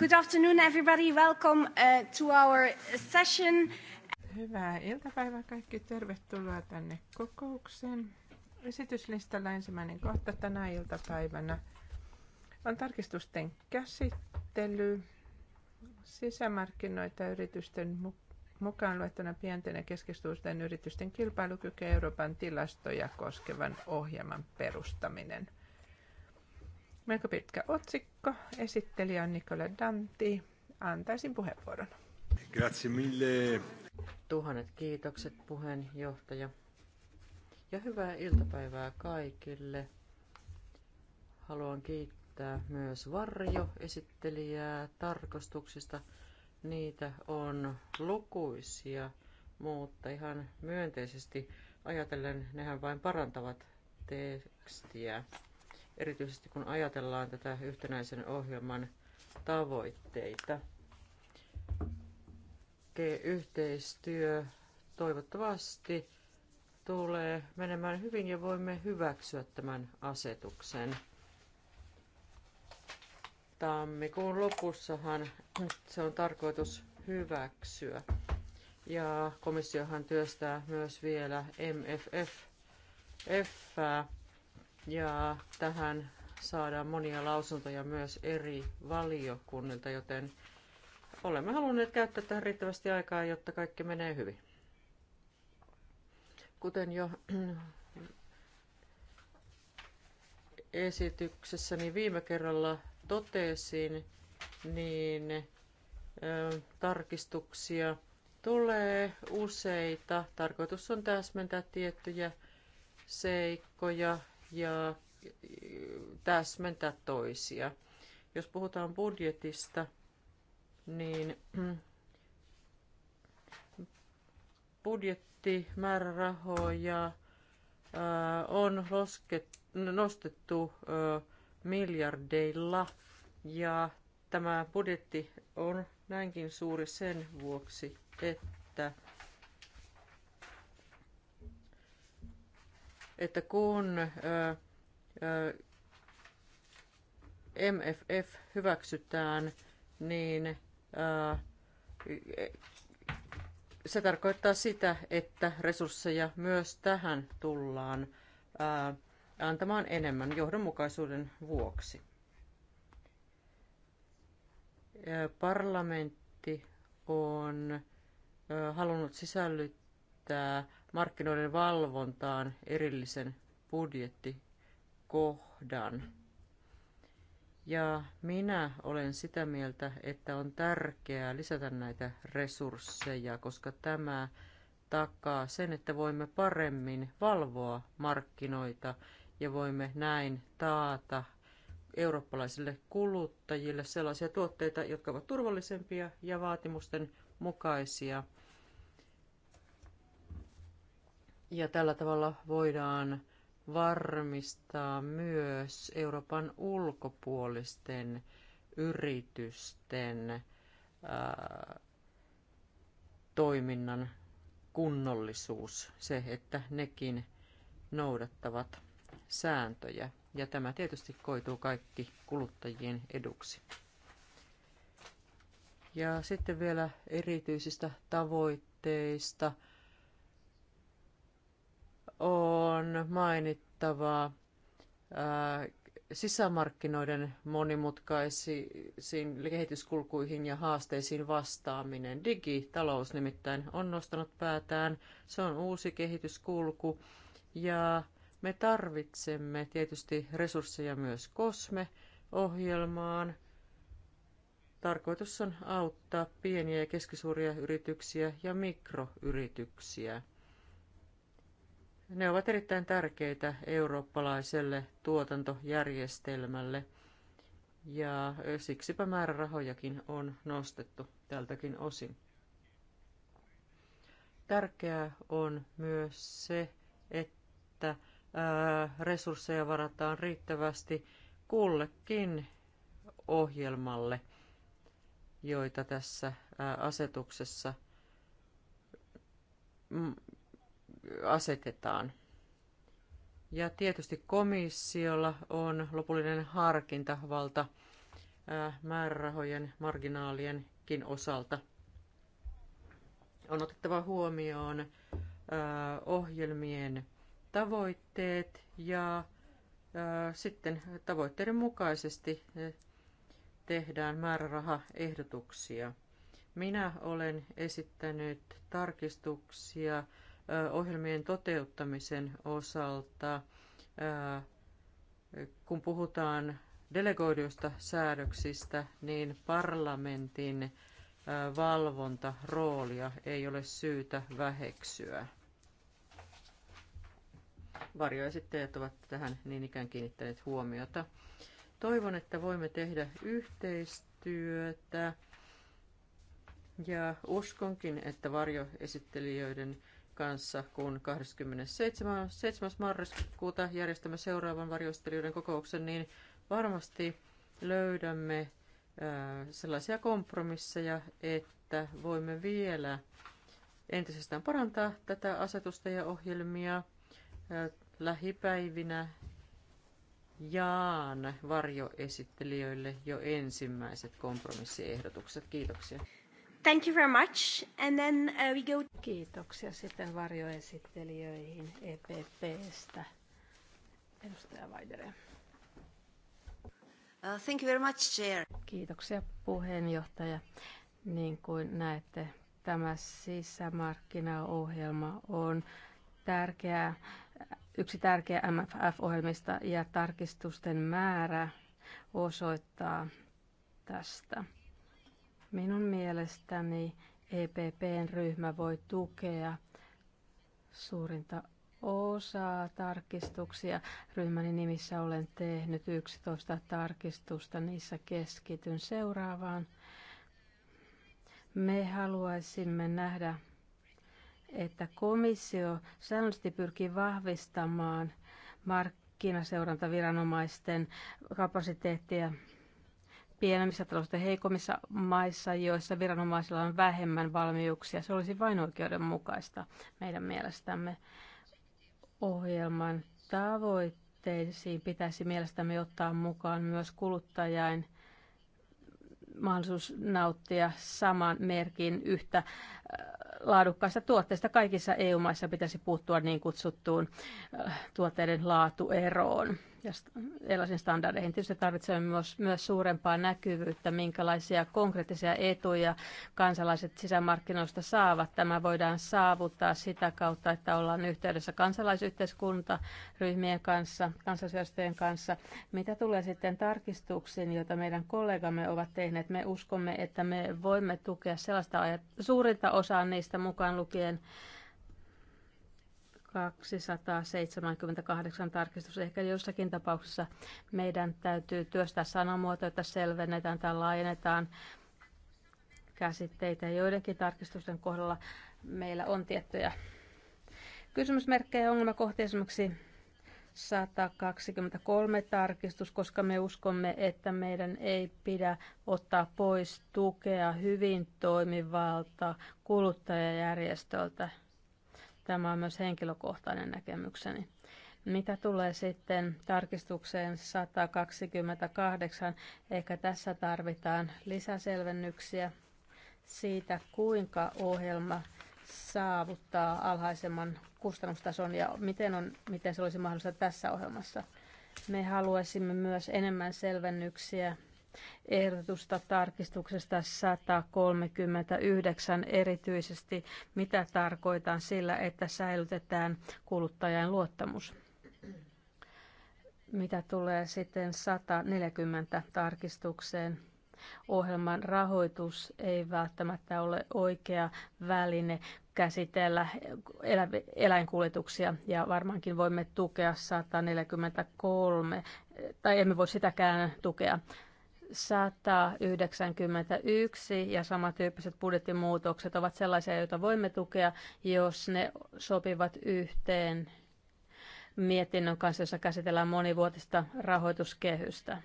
Good afternoon everybody, welcome uh, to our session. Hyvää iltapäivää kaikki, tervetuloa tänne kokoukseen. Esityslistalla ensimmäinen kohta tänä iltapäivänä on tarkistusten käsittely sisämarkkinoita yritysten mukaan luettuna pienten ja keskisuurten yritysten kilpailukyky Euroopan tilastoja koskevan ohjelman perustaminen – Melko pitkä otsikko. Esittelijä on Nicola Danti. Antaisin puheenvuoron. Grazie mille. Tuhannet kiitokset puheenjohtaja. Ja hyvää iltapäivää kaikille. Haluan kiittää myös varjoesittelijää tarkastuksista. Niitä on lukuisia, mutta ihan myönteisesti ajatellen nehän vain parantavat tekstiä erityisesti kun ajatellaan tätä yhtenäisen ohjelman tavoitteita. Yhteistyö toivottavasti tulee menemään hyvin ja voimme hyväksyä tämän asetuksen. Tammikuun lopussahan se on tarkoitus hyväksyä. Ja komissiohan työstää myös vielä MFF, F, ja tähän saadaan monia lausuntoja myös eri valiokunnilta, joten olemme halunneet käyttää tähän riittävästi aikaa, jotta kaikki menee hyvin. Kuten jo esityksessäni viime kerralla totesin, niin tarkistuksia tulee useita. Tarkoitus on täsmentää tiettyjä seikkoja ja täsmentää toisia. Jos puhutaan budjetista, niin budjettimäärärahoja äh, on nostettu äh, miljardeilla ja tämä budjetti on näinkin suuri sen vuoksi, että että kun MFF hyväksytään, niin se tarkoittaa sitä, että resursseja myös tähän tullaan antamaan enemmän johdonmukaisuuden vuoksi. Parlamentti on halunnut sisällyttää markkinoiden valvontaan erillisen budjettikohdan. Ja minä olen sitä mieltä, että on tärkeää lisätä näitä resursseja, koska tämä takaa sen, että voimme paremmin valvoa markkinoita ja voimme näin taata eurooppalaisille kuluttajille sellaisia tuotteita, jotka ovat turvallisempia ja vaatimusten mukaisia Ja tällä tavalla voidaan varmistaa myös Euroopan ulkopuolisten yritysten ää, toiminnan kunnollisuus, se, että nekin noudattavat sääntöjä. Ja tämä tietysti koituu kaikki kuluttajien eduksi. Ja sitten vielä erityisistä tavoitteista – on mainittava äh, sisämarkkinoiden monimutkaisiin kehityskulkuihin ja haasteisiin vastaaminen. Digitalous nimittäin on nostanut päätään. Se on uusi kehityskulku ja me tarvitsemme tietysti resursseja myös COSME-ohjelmaan. Tarkoitus on auttaa pieniä ja keskisuuria yrityksiä ja mikroyrityksiä – ne ovat erittäin tärkeitä eurooppalaiselle tuotantojärjestelmälle ja siksipä määrärahojakin on nostettu tältäkin osin. Tärkeää on myös se, että resursseja varataan riittävästi kullekin ohjelmalle, joita tässä asetuksessa asetetaan. Ja tietysti komissiolla on lopullinen harkintavalta äh, määrärahojen marginaalienkin osalta. On otettava huomioon äh, ohjelmien tavoitteet ja äh, sitten tavoitteiden mukaisesti tehdään määrärahaehdotuksia. Minä olen esittänyt tarkistuksia ohjelmien toteuttamisen osalta, kun puhutaan delegoiduista säädöksistä, niin parlamentin valvontaroolia ei ole syytä väheksyä. Varjoesittäjät ovat tähän niin ikään kiinnittäneet huomiota. Toivon, että voimme tehdä yhteistyötä ja uskonkin, että varjoesittelijöiden kanssa, kun 27. 7. marraskuuta järjestämme seuraavan varjostelijoiden kokouksen, niin varmasti löydämme äh, sellaisia kompromisseja, että voimme vielä entisestään parantaa tätä asetusta ja ohjelmia äh, lähipäivinä jaan varjoesittelijöille jo ensimmäiset kompromissiehdotukset. Kiitoksia. Thank you very much. And then uh, we go... Kiitoksia sitten varjoesittelijöihin EPPstä. Edustaja Vaidere. Uh, thank you very much, Chair. Kiitoksia puheenjohtaja. Niin kuin näette, tämä sisämarkkinaohjelma on tärkeä, yksi tärkeä MFF-ohjelmista ja tarkistusten määrä osoittaa tästä. Minun mielestäni EPPn ryhmä voi tukea suurinta osaa tarkistuksia. Ryhmäni nimissä olen tehnyt 11 tarkistusta, niissä keskityn seuraavaan. Me haluaisimme nähdä, että komissio säännöllisesti pyrkii vahvistamaan markkinaseurantaviranomaisten kapasiteettia pienemmissä taloudellisesti heikommissa maissa, joissa viranomaisilla on vähemmän valmiuksia. Se olisi vain oikeudenmukaista meidän mielestämme. Ohjelman tavoitteisiin pitäisi mielestämme ottaa mukaan myös kuluttajain mahdollisuus nauttia saman merkin yhtä äh, laadukkaista tuotteista. Kaikissa EU-maissa pitäisi puuttua niin kutsuttuun äh, tuotteiden laatueroon ja erilaisiin standardeihin. Tietysti tarvitsemme myös, myös suurempaa näkyvyyttä, minkälaisia konkreettisia etuja kansalaiset sisämarkkinoista saavat. Tämä voidaan saavuttaa sitä kautta, että ollaan yhteydessä kansalaisyhteiskuntaryhmien kanssa, kansalaisjärjestöjen kanssa. Mitä tulee sitten tarkistuksiin, joita meidän kollegamme ovat tehneet, me uskomme, että me voimme tukea sellaista ajat- suurinta osaa niistä mukaan lukien 278 tarkistus. Ehkä jossakin tapauksessa meidän täytyy työstää sanamuotoja, että selvennetään tai laajennetaan käsitteitä. Joidenkin tarkistusten kohdalla meillä on tiettyjä kysymysmerkkejä ja ongelmakohtia esimerkiksi 123 tarkistus, koska me uskomme, että meidän ei pidä ottaa pois tukea hyvin toimivalta kuluttajajärjestöltä Tämä on myös henkilökohtainen näkemykseni. Mitä tulee sitten tarkistukseen 128, ehkä tässä tarvitaan lisäselvennyksiä siitä, kuinka ohjelma saavuttaa alhaisemman kustannustason ja miten, on, miten se olisi mahdollista tässä ohjelmassa. Me haluaisimme myös enemmän selvennyksiä ehdotusta tarkistuksesta 139 erityisesti, mitä tarkoitan sillä, että säilytetään kuluttajan luottamus. Mitä tulee sitten 140 tarkistukseen, ohjelman rahoitus ei välttämättä ole oikea väline käsitellä eläinkuljetuksia ja varmaankin voimme tukea 143, tai emme voi sitäkään tukea. 191 ja samantyyppiset budjettimuutokset ovat sellaisia, joita voimme tukea, jos ne sopivat yhteen mietinnön kanssa, jossa käsitellään monivuotista rahoituskehystä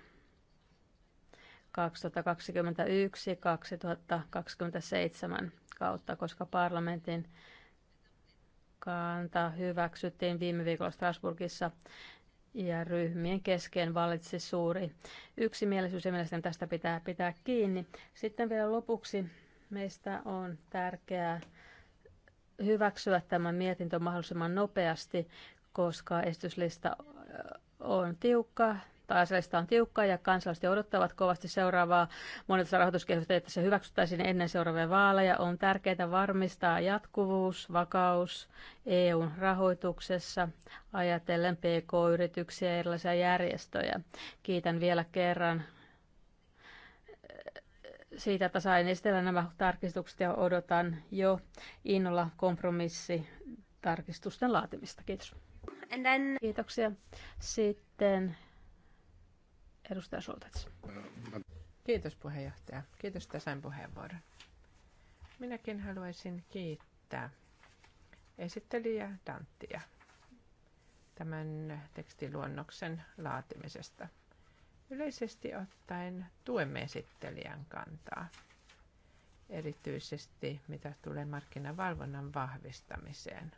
2021-2027 kautta, koska parlamentin kanta hyväksyttiin viime viikolla Strasbourgissa ja ryhmien kesken vallitsi suuri yksimielisyys ja mielestäni tästä pitää pitää kiinni. Sitten vielä lopuksi meistä on tärkeää hyväksyä tämä mietintö mahdollisimman nopeasti, koska estyslista on tiukka taas on tiukka ja kansalaiset odottavat kovasti seuraavaa monilta rahoituskehystä, että se hyväksyttäisiin ennen seuraavia vaaleja. On tärkeää varmistaa jatkuvuus, vakaus EUn rahoituksessa ajatellen PK-yrityksiä ja erilaisia järjestöjä. Kiitän vielä kerran siitä, että sain esitellä nämä tarkistukset ja odotan jo innolla kompromissi tarkistusten laatimista. Kiitos. And then... Kiitoksia. Sitten Edustaja Soltats. Kiitos puheenjohtaja. Kiitos, että sain puheenvuoron. Minäkin haluaisin kiittää esittelijä Danttia tämän tekstiluonnoksen laatimisesta. Yleisesti ottaen tuemme esittelijän kantaa, erityisesti mitä tulee markkinavalvonnan vahvistamiseen –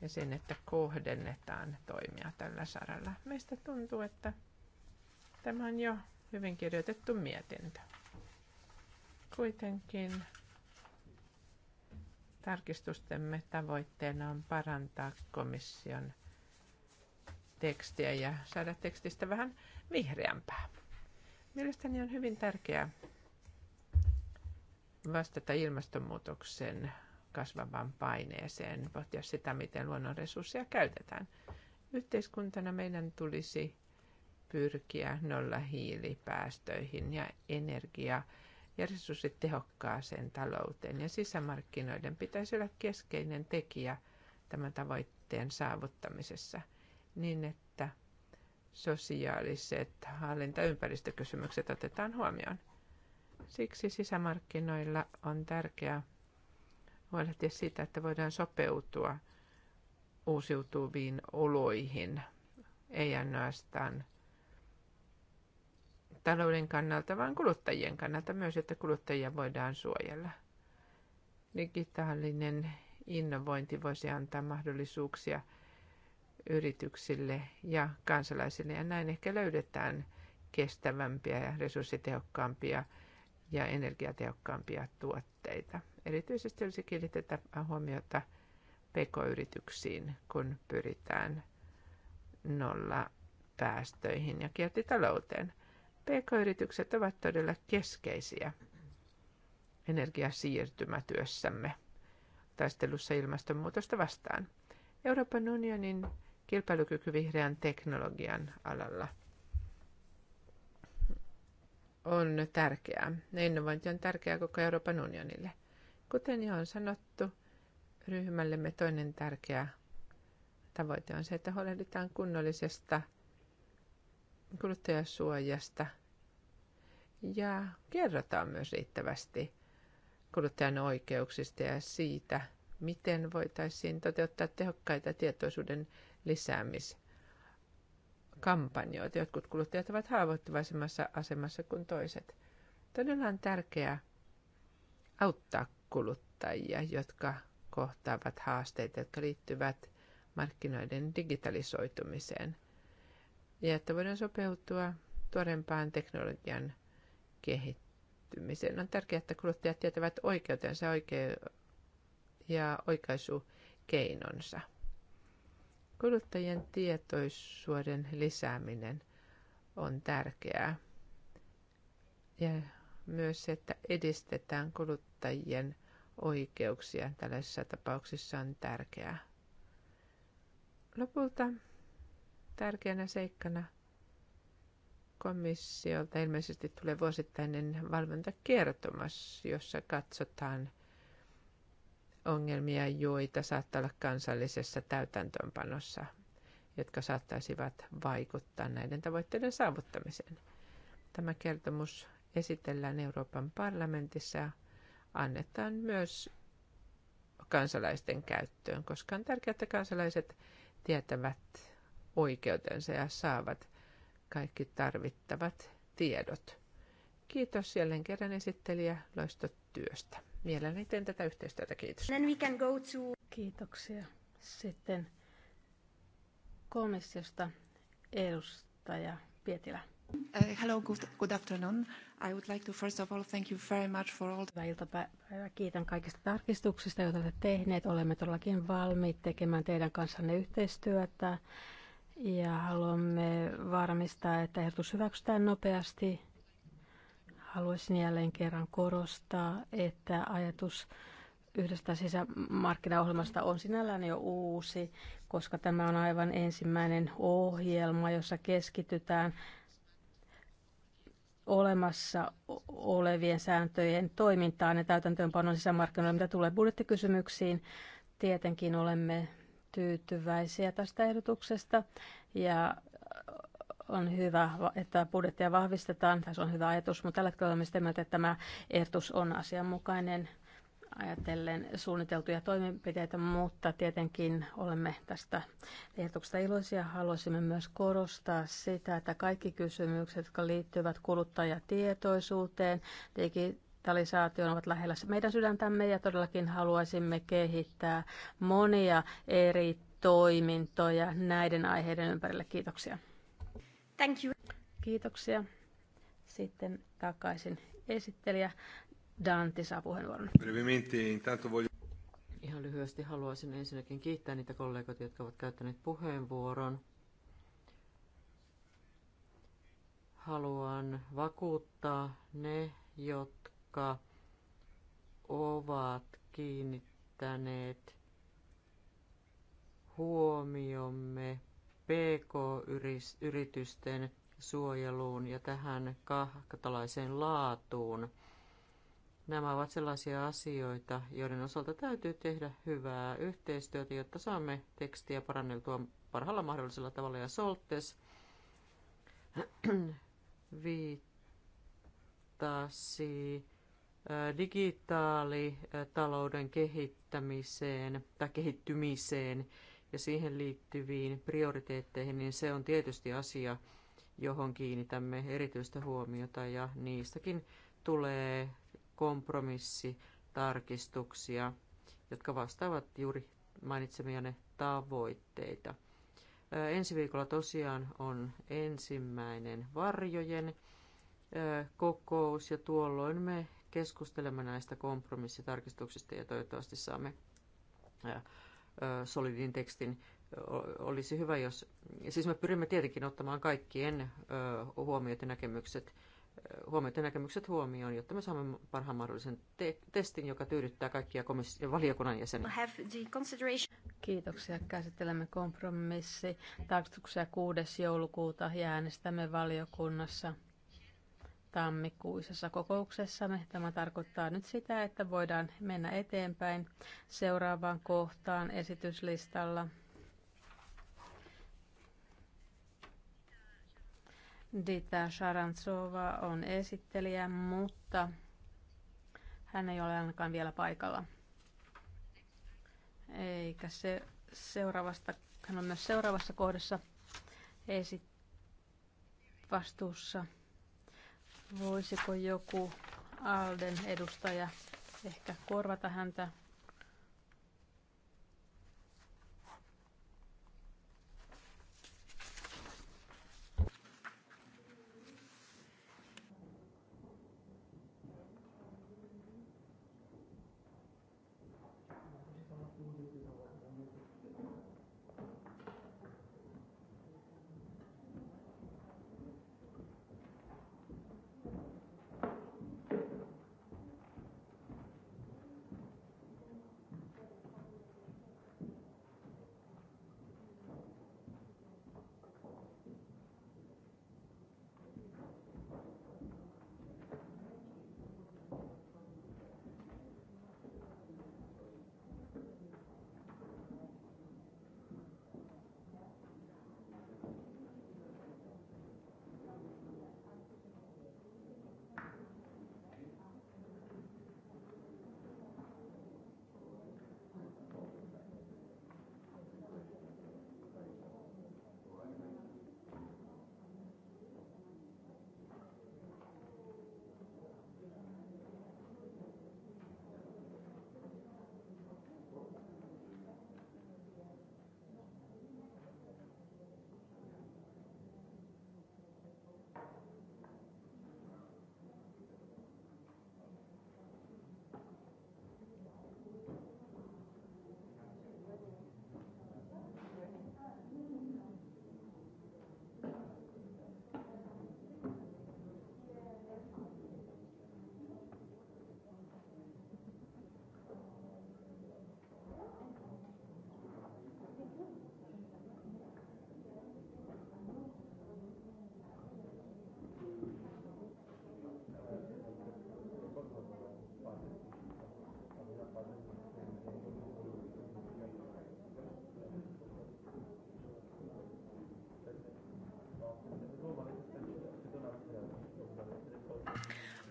ja sen, että kohdennetaan toimia tällä saralla. Meistä tuntuu, että tämä on jo hyvin kirjoitettu mietintö. Kuitenkin tarkistustemme tavoitteena on parantaa komission tekstiä ja saada tekstistä vähän vihreämpää. Mielestäni on hyvin tärkeää vastata ilmastonmuutoksen kasvavaan paineeseen, pohtia sitä, miten resursseja käytetään. Yhteiskuntana meidän tulisi pyrkiä nolla hiilipäästöihin ja energia- ja resurssitehokkaaseen talouteen. Ja sisämarkkinoiden pitäisi olla keskeinen tekijä tämän tavoitteen saavuttamisessa niin, että sosiaaliset hallinta- ja ympäristökysymykset otetaan huomioon. Siksi sisämarkkinoilla on tärkeää huolehtia siitä, että voidaan sopeutua uusiutuviin oloihin, ei ainoastaan talouden kannalta, vaan kuluttajien kannalta myös, että kuluttajia voidaan suojella. Digitaalinen innovointi voisi antaa mahdollisuuksia yrityksille ja kansalaisille, ja näin ehkä löydetään kestävämpiä ja resurssitehokkaampia ja energiatehokkaampia tuotteita. Erityisesti olisi kiinnitetä huomiota pk-yrityksiin, kun pyritään nolla päästöihin ja kiertitalouteen. PK-yritykset ovat todella keskeisiä energiasiirtymätyössämme taistelussa ilmastonmuutosta vastaan. Euroopan unionin kilpailukyky vihreän teknologian alalla on tärkeää. Ne innovointi on tärkeää koko Euroopan unionille. Kuten jo on sanottu, ryhmällemme toinen tärkeä tavoite on se, että huolehditaan kunnollisesta kuluttajasuojasta ja kerrotaan myös riittävästi kuluttajan oikeuksista ja siitä, miten voitaisiin toteuttaa tehokkaita tietoisuuden lisäämis- kampanjoita. Jotkut kuluttajat ovat haavoittuvaisemmassa asemassa kuin toiset. Todella on tärkeää auttaa kuluttajia, jotka kohtaavat haasteita, jotka liittyvät markkinoiden digitalisoitumiseen. Ja että voidaan sopeutua tuorempaan teknologian kehittymiseen. On tärkeää, että kuluttajat tietävät oikeutensa oikeu- ja oikaisukeinonsa. Kuluttajien tietoisuuden lisääminen on tärkeää. Ja myös se, että edistetään kuluttajien oikeuksia tällaisissa tapauksissa on tärkeää. Lopulta tärkeänä seikkana komissiolta ilmeisesti tulee vuosittainen valvontakertomus, jossa katsotaan ongelmia, joita saattaa olla kansallisessa täytäntöönpanossa, jotka saattaisivat vaikuttaa näiden tavoitteiden saavuttamiseen. Tämä kertomus esitellään Euroopan parlamentissa ja annetaan myös kansalaisten käyttöön, koska on tärkeää, että kansalaiset tietävät oikeutensa ja saavat kaikki tarvittavat tiedot. Kiitos jälleen kerran esittelijä loistotyöstä. Mielelläni teen tätä yhteistyötä. Kiitos. Then we can go to... Kiitoksia. Sitten komissiosta edustaja Pietilä. Uh, hello, good, good afternoon. I would like to first of all thank you very much for all... Hyvää iltapäivää. Kiitän kaikista tarkistuksista, joita olette tehneet. Olemme todellakin valmiit tekemään teidän kanssanne yhteistyötä ja haluamme varmistaa, että ehdotus hyväksytään nopeasti Haluaisin jälleen kerran korostaa, että ajatus yhdestä sisämarkkinaohjelmasta on sinällään jo uusi, koska tämä on aivan ensimmäinen ohjelma, jossa keskitytään olemassa olevien sääntöjen toimintaan ja täytäntöönpanon sisämarkkinoille, mitä tulee budjettikysymyksiin. Tietenkin olemme tyytyväisiä tästä ehdotuksesta ja on hyvä, että budjettia vahvistetaan, tai se on hyvä ajatus, mutta tällä hetkellä olemme sitä mieltä, että tämä ehdotus on asianmukainen ajatellen suunniteltuja toimenpiteitä, mutta tietenkin olemme tästä ehdotuksesta iloisia. Haluaisimme myös korostaa sitä, että kaikki kysymykset, jotka liittyvät kuluttajatietoisuuteen, digi- digitalisaation ovat lähellä meidän sydäntämme ja todellakin haluaisimme kehittää monia eri toimintoja näiden aiheiden ympärille. Kiitoksia. Thank you. Kiitoksia. Sitten takaisin esittelijä Dante saa puheenvuoron. Ihan lyhyesti haluaisin ensinnäkin kiittää niitä kollegoita, jotka ovat käyttäneet puheenvuoron. Haluan vakuuttaa ne, jotka ovat kiinnittäneet huomiomme PK-yritysten suojeluun ja tähän kahtalaiseen laatuun. Nämä ovat sellaisia asioita, joiden osalta täytyy tehdä hyvää yhteistyötä, jotta saamme tekstiä paranneltua parhaalla mahdollisella tavalla. Ja Soltes viittasi äh, digitaalitalouden kehittämiseen tai kehittymiseen – ja siihen liittyviin prioriteetteihin, niin se on tietysti asia, johon kiinnitämme erityistä huomiota ja niistäkin tulee kompromissitarkistuksia, jotka vastaavat juuri mainitsemianne tavoitteita. Ensi viikolla tosiaan on ensimmäinen varjojen kokous ja tuolloin me keskustelemme näistä kompromissitarkistuksista ja toivottavasti saamme solidin tekstin. Olisi hyvä, jos... Siis me pyrimme tietenkin ottamaan kaikkien huomiot ja näkemykset huomiot ja näkemykset huomioon, jotta me saamme parhaan mahdollisen te- testin, joka tyydyttää kaikkia komis- ja valiokunnan jäseniä. Kiitoksia. Käsittelemme kompromissi. Tarkistuksia 6. joulukuuta ja äänestämme valiokunnassa tammikuisessa kokouksessamme. Tämä tarkoittaa nyt sitä, että voidaan mennä eteenpäin seuraavaan kohtaan esityslistalla. Dita Sharantsova on esittelijä, mutta hän ei ole ainakaan vielä paikalla. Eikä se seuraavasta, hän on myös seuraavassa kohdassa esi- vastuussa – Voisiko joku Alden edustaja ehkä korvata häntä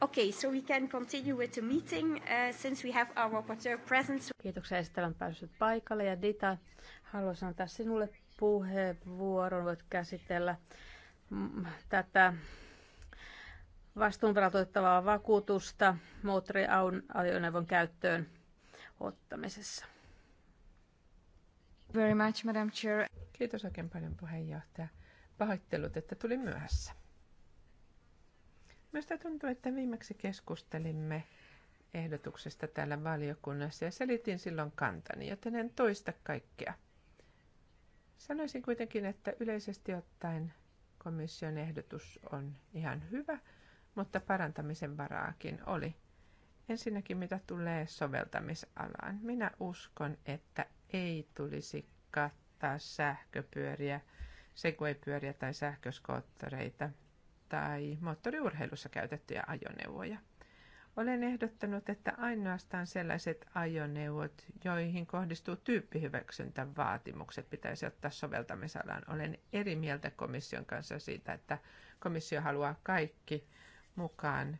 Okay, so we can continue with the meeting uh, since we have our rapporteur present. Kiitoksia, että on päässyt paikalle. Ja Dita, haluaisin antaa sinulle puheenvuoron. Voit käsitellä mm, tätä vastuunvaratoittavaa vakuutusta moottoriajoneuvon käyttöön ottamisessa. Very much, Madam Chair. Kiitos oikein paljon puheenjohtaja. Pahoittelut, että tulin myöhässä. Minusta tuntuu, että viimeksi keskustelimme ehdotuksesta täällä valiokunnassa ja selitin silloin kantani, joten en toista kaikkea. Sanoisin kuitenkin, että yleisesti ottaen komission ehdotus on ihan hyvä, mutta parantamisen varaakin oli. Ensinnäkin mitä tulee soveltamisalaan. Minä uskon, että ei tulisi kattaa sähköpyöriä, segwaypyöriä tai sähköskoottoreita tai moottoriurheilussa käytettyjä ajoneuvoja. Olen ehdottanut, että ainoastaan sellaiset ajoneuvot, joihin kohdistuu tyyppihyväksyntä vaatimukset, pitäisi ottaa soveltamisalaan. Olen eri mieltä komission kanssa siitä, että komissio haluaa kaikki mukaan,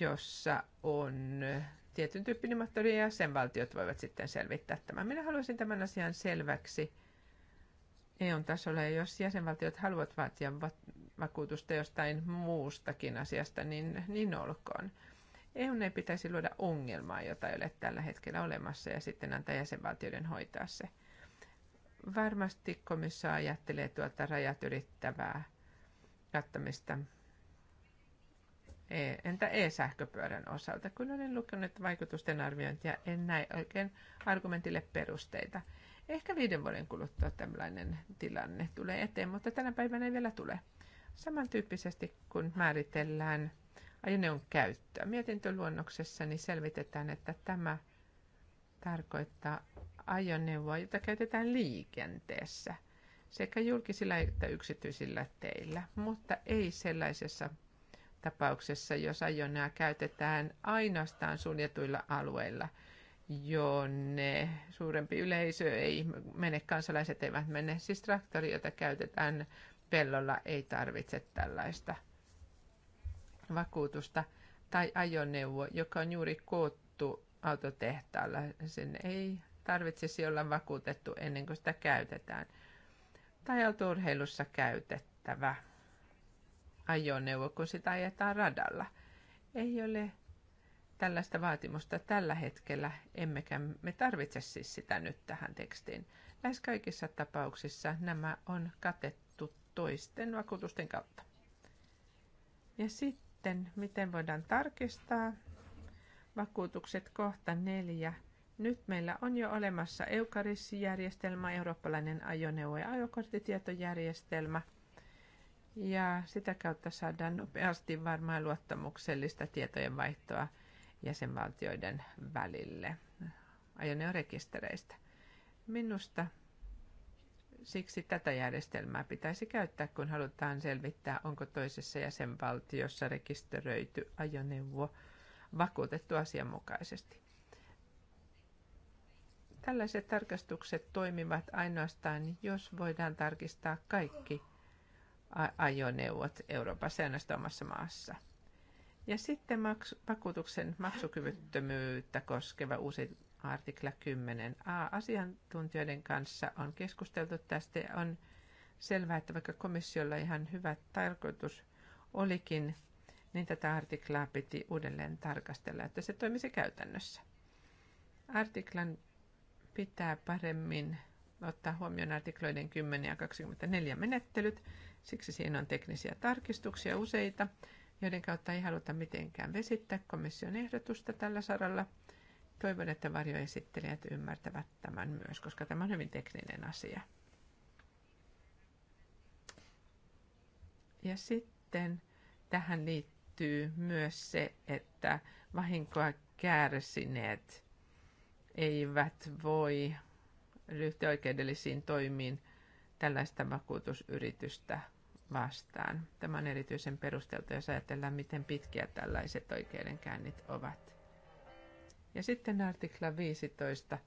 jossa on tietyn tyyppinen moottori ja sen valtiot voivat sitten selvittää tämän. Minä haluaisin tämän asian selväksi EU-tasolla, ja jos jäsenvaltiot haluavat vaatia vakuutusta jostain muustakin asiasta, niin, niin olkoon. EU ei pitäisi luoda ongelmaa, jota ei ole tällä hetkellä olemassa, ja sitten antaa jäsenvaltioiden hoitaa se. Varmasti komissio ajattelee tuota rajat ylittävää kattamista. E- entä e-sähköpyörän osalta? Kun olen lukenut vaikutusten arviointia, en näe oikein argumentille perusteita. Ehkä viiden vuoden kuluttua tällainen tilanne tulee eteen, mutta tänä päivänä ei vielä tule. Samantyyppisesti kun määritellään ajoneuvon käyttöä. niin selvitetään, että tämä tarkoittaa ajoneuvoa, jota käytetään liikenteessä sekä julkisilla että yksityisillä teillä, mutta ei sellaisessa tapauksessa, jos ajoneuvoa käytetään ainoastaan suljetuilla alueilla – jonne suurempi yleisö ei mene, kansalaiset eivät mene. Siis traktori, jota käytetään pellolla, ei tarvitse tällaista vakuutusta. Tai ajoneuvo, joka on juuri koottu autotehtaalla, sen ei tarvitsisi olla vakuutettu ennen kuin sitä käytetään. Tai autourheilussa käytettävä ajoneuvo, kun sitä ajetaan radalla. Ei ole tällaista vaatimusta tällä hetkellä, emmekä me tarvitse siis sitä nyt tähän tekstiin. Lähes kaikissa tapauksissa nämä on katettu toisten vakuutusten kautta. Ja sitten, miten voidaan tarkistaa vakuutukset kohta neljä. Nyt meillä on jo olemassa Eukaris-järjestelmä, eurooppalainen ajoneuvo- ja ajokorttitietojärjestelmä – ja sitä kautta saadaan nopeasti varmaan luottamuksellista tietojen vaihtoa jäsenvaltioiden välille ajoneuvorekistereistä. Minusta siksi tätä järjestelmää pitäisi käyttää, kun halutaan selvittää, onko toisessa jäsenvaltiossa rekisteröity ajoneuvo vakuutettu asianmukaisesti. Tällaiset tarkastukset toimivat ainoastaan, jos voidaan tarkistaa kaikki ajoneuvot Euroopassa ja omassa maassa – ja sitten maksu, vakuutuksen maksukyvyttömyyttä koskeva uusi artikla 10a. Asiantuntijoiden kanssa on keskusteltu tästä ja on selvää, että vaikka komissiolla ihan hyvä tarkoitus olikin, niin tätä artiklaa piti uudelleen tarkastella, että se toimisi käytännössä. Artiklan pitää paremmin ottaa huomioon artikloiden 10 ja 24 menettelyt, siksi siinä on teknisiä tarkistuksia useita joiden kautta ei haluta mitenkään vesittää komission ehdotusta tällä saralla. Toivon, että varjoesittelijät ymmärtävät tämän myös, koska tämä on hyvin tekninen asia. Ja sitten tähän liittyy myös se, että vahinkoa kärsineet eivät voi ryhtyä oikeudellisiin toimiin tällaista vakuutusyritystä vastaan. Tämä on erityisen perusteltu, jos ajatellaan, miten pitkiä tällaiset oikeudenkäynnit ovat. Ja sitten artikla 15.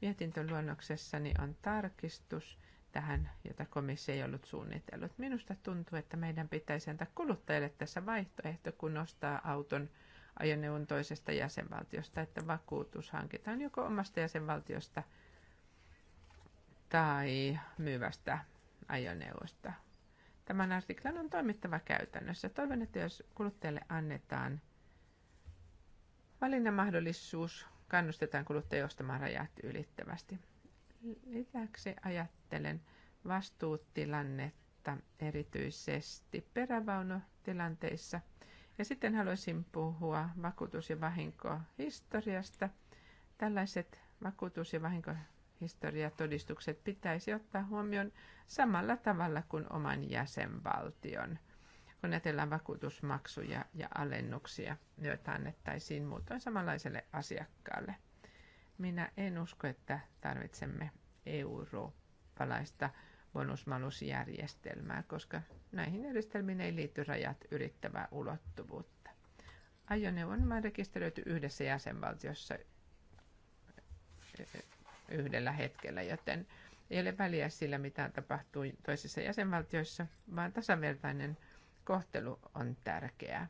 Mietintöluonnoksessani on tarkistus tähän, jota komissio ei ollut suunnitellut. Minusta tuntuu, että meidän pitäisi antaa kuluttajille tässä vaihtoehto, kun nostaa auton ajoneuvon toisesta jäsenvaltiosta, että vakuutus hankitaan joko omasta jäsenvaltiosta tai myyvästä ajoneuvosta tämän artiklan on toimittava käytännössä. Toivon, että jos kuluttajalle annetaan valinnanmahdollisuus, kannustetaan kuluttajia ostamaan rajat ylittävästi. Lisäksi ajattelen vastuutilannetta erityisesti perävaunotilanteissa. Ja sitten haluaisin puhua vakuutus- ja vahinkohistoriasta. Tällaiset vakuutus- ja vahinkohistoriat historiatodistukset pitäisi ottaa huomioon samalla tavalla kuin oman jäsenvaltion, kun ajatellaan vakuutusmaksuja ja alennuksia, joita annettaisiin muutoin samanlaiselle asiakkaalle. Minä en usko, että tarvitsemme eurooppalaista bonusmalusjärjestelmää, koska näihin järjestelmiin ei liity rajat ylittävää ulottuvuutta. Ajoneuvon on rekisteröity yhdessä jäsenvaltiossa yhdellä hetkellä, joten ei ole väliä sillä, mitä tapahtuu toisissa jäsenvaltioissa, vaan tasavertainen kohtelu on tärkeää.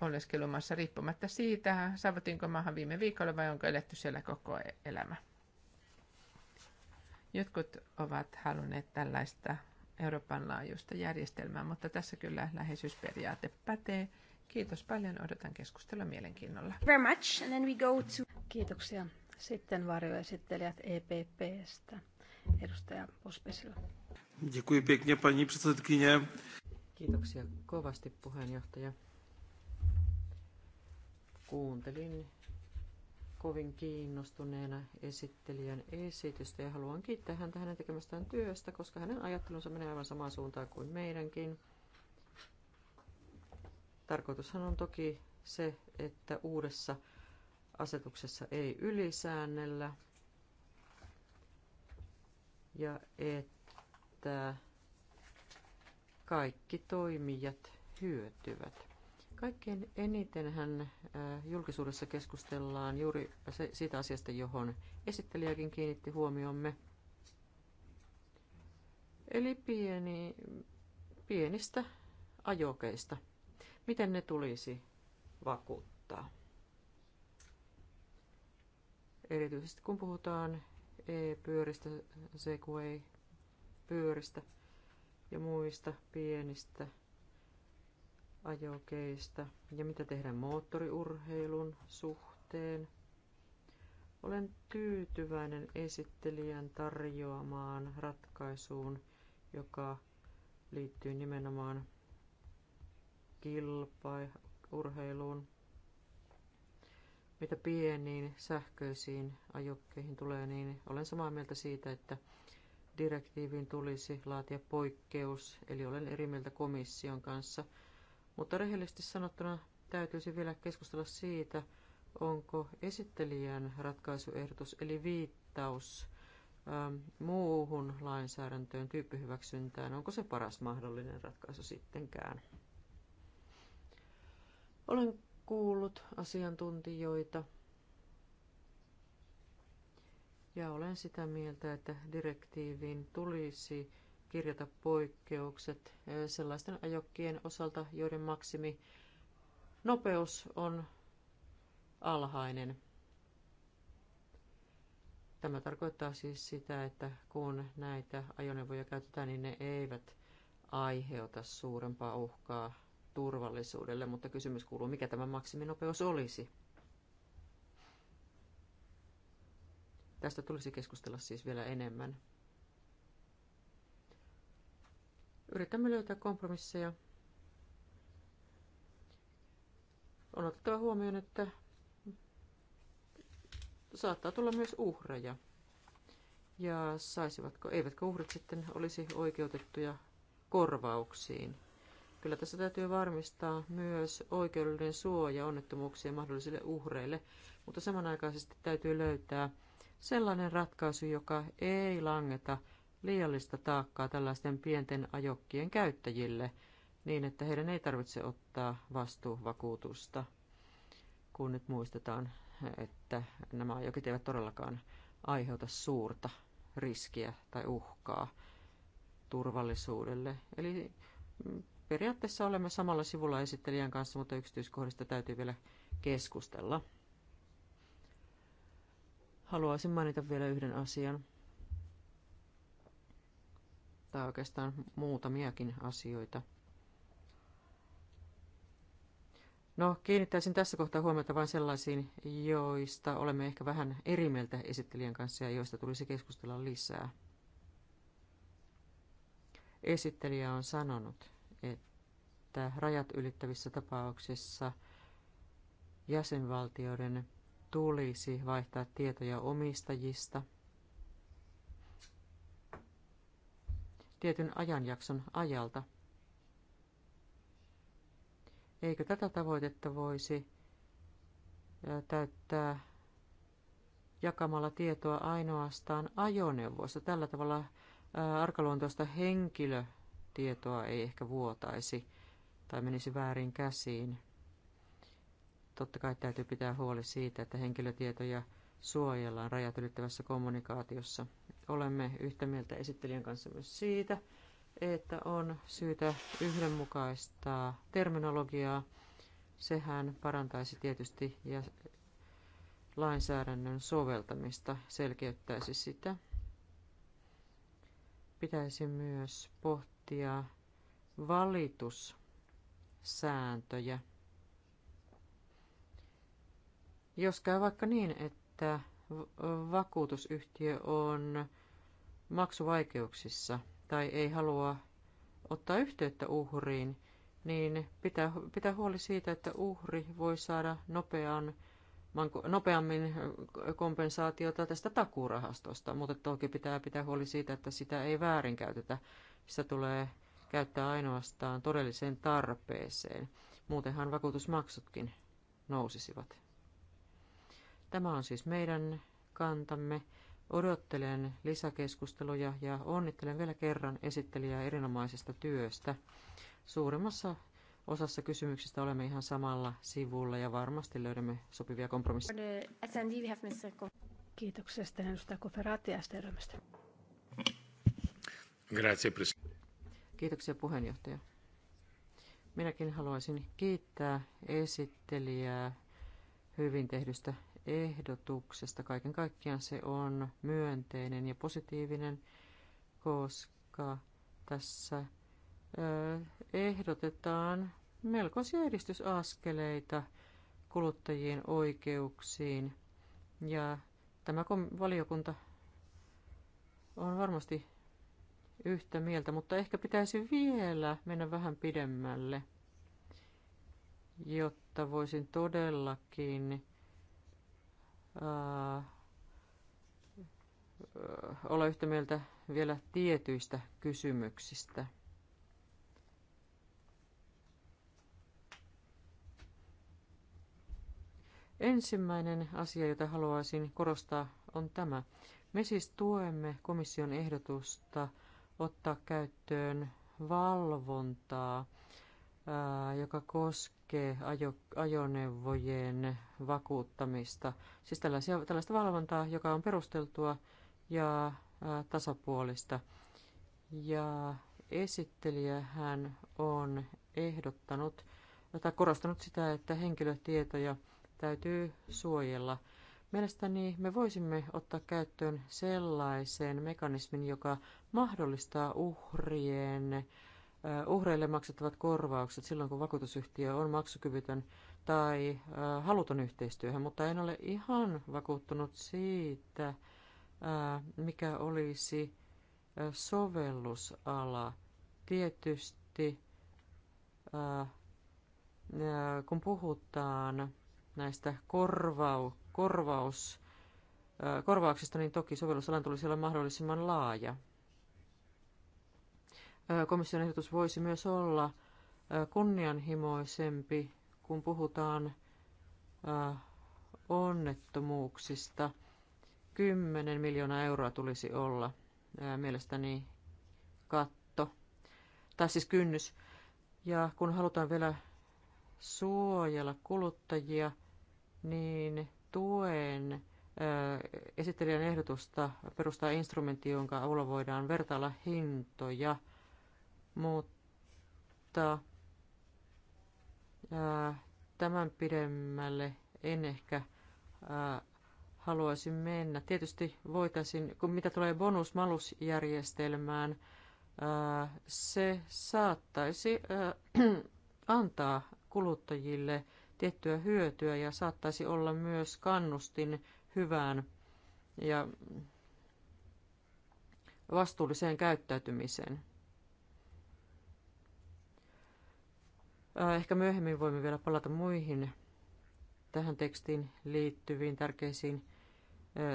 Oleskelumassa riippumatta siitä, saavutinko maahan viime viikolla vai onko eletty siellä koko elämä. Jotkut ovat halunneet tällaista Euroopan laajuista järjestelmää, mutta tässä kyllä läheisyysperiaate pätee. Kiitos paljon, odotan keskustelua mielenkiinnolla. Very much, and then we go to... Kiitoksia. Sitten varjoesittelijät EPPstä. Edustaja Pospesilla. Děkuji pěkně, paní předsedkyně. Kiitoksia kovasti, puheenjohtaja. Kuuntelin kovin kiinnostuneena esittelijän esitystä ja haluan kiittää häntä hänen tekemästään työstä, koska hänen ajattelunsa menee aivan samaan suuntaan kuin meidänkin. Tarkoitushan on toki se, että uudessa asetuksessa ei ylisäännellä ja että kaikki toimijat hyötyvät. Kaikkein enitenhän äh, julkisuudessa keskustellaan juuri siitä asiasta, johon esittelijäkin kiinnitti huomiomme. Eli pieni, pienistä ajokeista. Miten ne tulisi vakuuttaa? erityisesti kun puhutaan e-pyöristä, Segway-pyöristä ja muista pienistä ajokeista ja mitä tehdään moottoriurheilun suhteen. Olen tyytyväinen esittelijän tarjoamaan ratkaisuun, joka liittyy nimenomaan kilpaurheiluun mitä pieniin sähköisiin ajokkeihin tulee, niin olen samaa mieltä siitä, että direktiiviin tulisi laatia poikkeus, eli olen eri mieltä komission kanssa. Mutta rehellisesti sanottuna täytyisi vielä keskustella siitä, onko esittelijän ratkaisuehdotus, eli viittaus ähm, muuhun lainsäädäntöön, tyyppihyväksyntään, onko se paras mahdollinen ratkaisu sittenkään. Olen kuullut asiantuntijoita ja olen sitä mieltä, että direktiiviin tulisi kirjata poikkeukset eh, sellaisten ajokkien osalta, joiden maksimi nopeus on alhainen. Tämä tarkoittaa siis sitä, että kun näitä ajoneuvoja käytetään, niin ne eivät aiheuta suurempaa uhkaa turvallisuudelle, mutta kysymys kuuluu, mikä tämä maksiminopeus olisi. Tästä tulisi keskustella siis vielä enemmän. Yritämme löytää kompromisseja. On otettava huomioon, että saattaa tulla myös uhreja. Ja saisivatko, eivätkö uhrit sitten olisi oikeutettuja korvauksiin? Kyllä tässä täytyy varmistaa myös oikeudellinen suoja onnettomuuksien mahdollisille uhreille, mutta samanaikaisesti täytyy löytää sellainen ratkaisu, joka ei langeta liiallista taakkaa tällaisten pienten ajokkien käyttäjille niin, että heidän ei tarvitse ottaa vastuuvakuutusta, kun nyt muistetaan, että nämä ajokit eivät todellakaan aiheuta suurta riskiä tai uhkaa turvallisuudelle. Eli periaatteessa olemme samalla sivulla esittelijän kanssa, mutta yksityiskohdista täytyy vielä keskustella. Haluaisin mainita vielä yhden asian, tai oikeastaan muutamiakin asioita. No, kiinnittäisin tässä kohtaa huomiota vain sellaisiin, joista olemme ehkä vähän eri mieltä esittelijän kanssa ja joista tulisi keskustella lisää. Esittelijä on sanonut, että rajat ylittävissä tapauksissa jäsenvaltioiden tulisi vaihtaa tietoja omistajista tietyn ajanjakson ajalta. Eikö tätä tavoitetta voisi täyttää jakamalla tietoa ainoastaan ajoneuvoista? Tällä tavalla arkaluontoista henkilö tietoa ei ehkä vuotaisi tai menisi väärin käsiin. Totta kai täytyy pitää huoli siitä, että henkilötietoja suojellaan rajat ylittävässä kommunikaatiossa. Olemme yhtä mieltä esittelijän kanssa myös siitä, että on syytä yhdenmukaistaa terminologiaa. Sehän parantaisi tietysti ja lainsäädännön soveltamista, selkeyttäisi sitä. Pitäisi myös pohtia, pohtia valitussääntöjä. Jos käy vaikka niin, että vakuutusyhtiö on maksuvaikeuksissa tai ei halua ottaa yhteyttä uhriin, niin pitää, pitää huoli siitä, että uhri voi saada nopean, nopeammin kompensaatiota tästä takuurahastosta, mutta toki pitää pitää huoli siitä, että sitä ei väärinkäytetä sitä tulee käyttää ainoastaan todelliseen tarpeeseen. Muutenhan vakuutusmaksutkin nousisivat. Tämä on siis meidän kantamme. Odottelen lisäkeskusteluja ja onnittelen vielä kerran esittelijää erinomaisesta työstä. Suurimmassa osassa kysymyksistä olemme ihan samalla sivulla ja varmasti löydämme sopivia kompromisseja. Kiitoksia sitten edustaja Koferati st Kiitoksia puheenjohtaja. Minäkin haluaisin kiittää esittelijää hyvin tehdystä ehdotuksesta. Kaiken kaikkiaan se on myönteinen ja positiivinen, koska tässä ehdotetaan melkoisia edistysaskeleita kuluttajien oikeuksiin. Ja tämä valiokunta on varmasti yhtä mieltä, mutta ehkä pitäisi vielä mennä vähän pidemmälle, jotta voisin todellakin äh, äh, olla yhtä mieltä vielä tietyistä kysymyksistä. Ensimmäinen asia, jota haluaisin korostaa, on tämä. Me siis tuemme komission ehdotusta ottaa käyttöön valvontaa, joka koskee ajo, ajoneuvojen vakuuttamista. Siis tällaisia, tällaista valvontaa, joka on perusteltua ja tasapuolista. Ja esittelijähän on ehdottanut tai korostanut sitä, että henkilötietoja täytyy suojella – Mielestäni me voisimme ottaa käyttöön sellaisen mekanismin, joka mahdollistaa uhrien, uhreille maksettavat korvaukset silloin, kun vakuutusyhtiö on maksukyvytön tai haluton yhteistyöhön, mutta en ole ihan vakuuttunut siitä, mikä olisi sovellusala. Tietysti kun puhutaan näistä korvauksista, korvaus, korvauksista, niin toki sovellusalan tulisi olla mahdollisimman laaja. Komission ehdotus voisi myös olla kunnianhimoisempi, kun puhutaan onnettomuuksista. 10 miljoonaa euroa tulisi olla mielestäni katto, tai siis kynnys. Ja kun halutaan vielä suojella kuluttajia, niin tuen esittelijän ehdotusta perustaa instrumentti, jonka avulla voidaan vertailla hintoja, mutta tämän pidemmälle en ehkä haluaisi mennä. Tietysti voitaisiin, kun mitä tulee bonus se saattaisi antaa kuluttajille – tiettyä hyötyä ja saattaisi olla myös kannustin hyvään ja vastuulliseen käyttäytymiseen. Ehkä myöhemmin voimme vielä palata muihin tähän tekstiin liittyviin tärkeisiin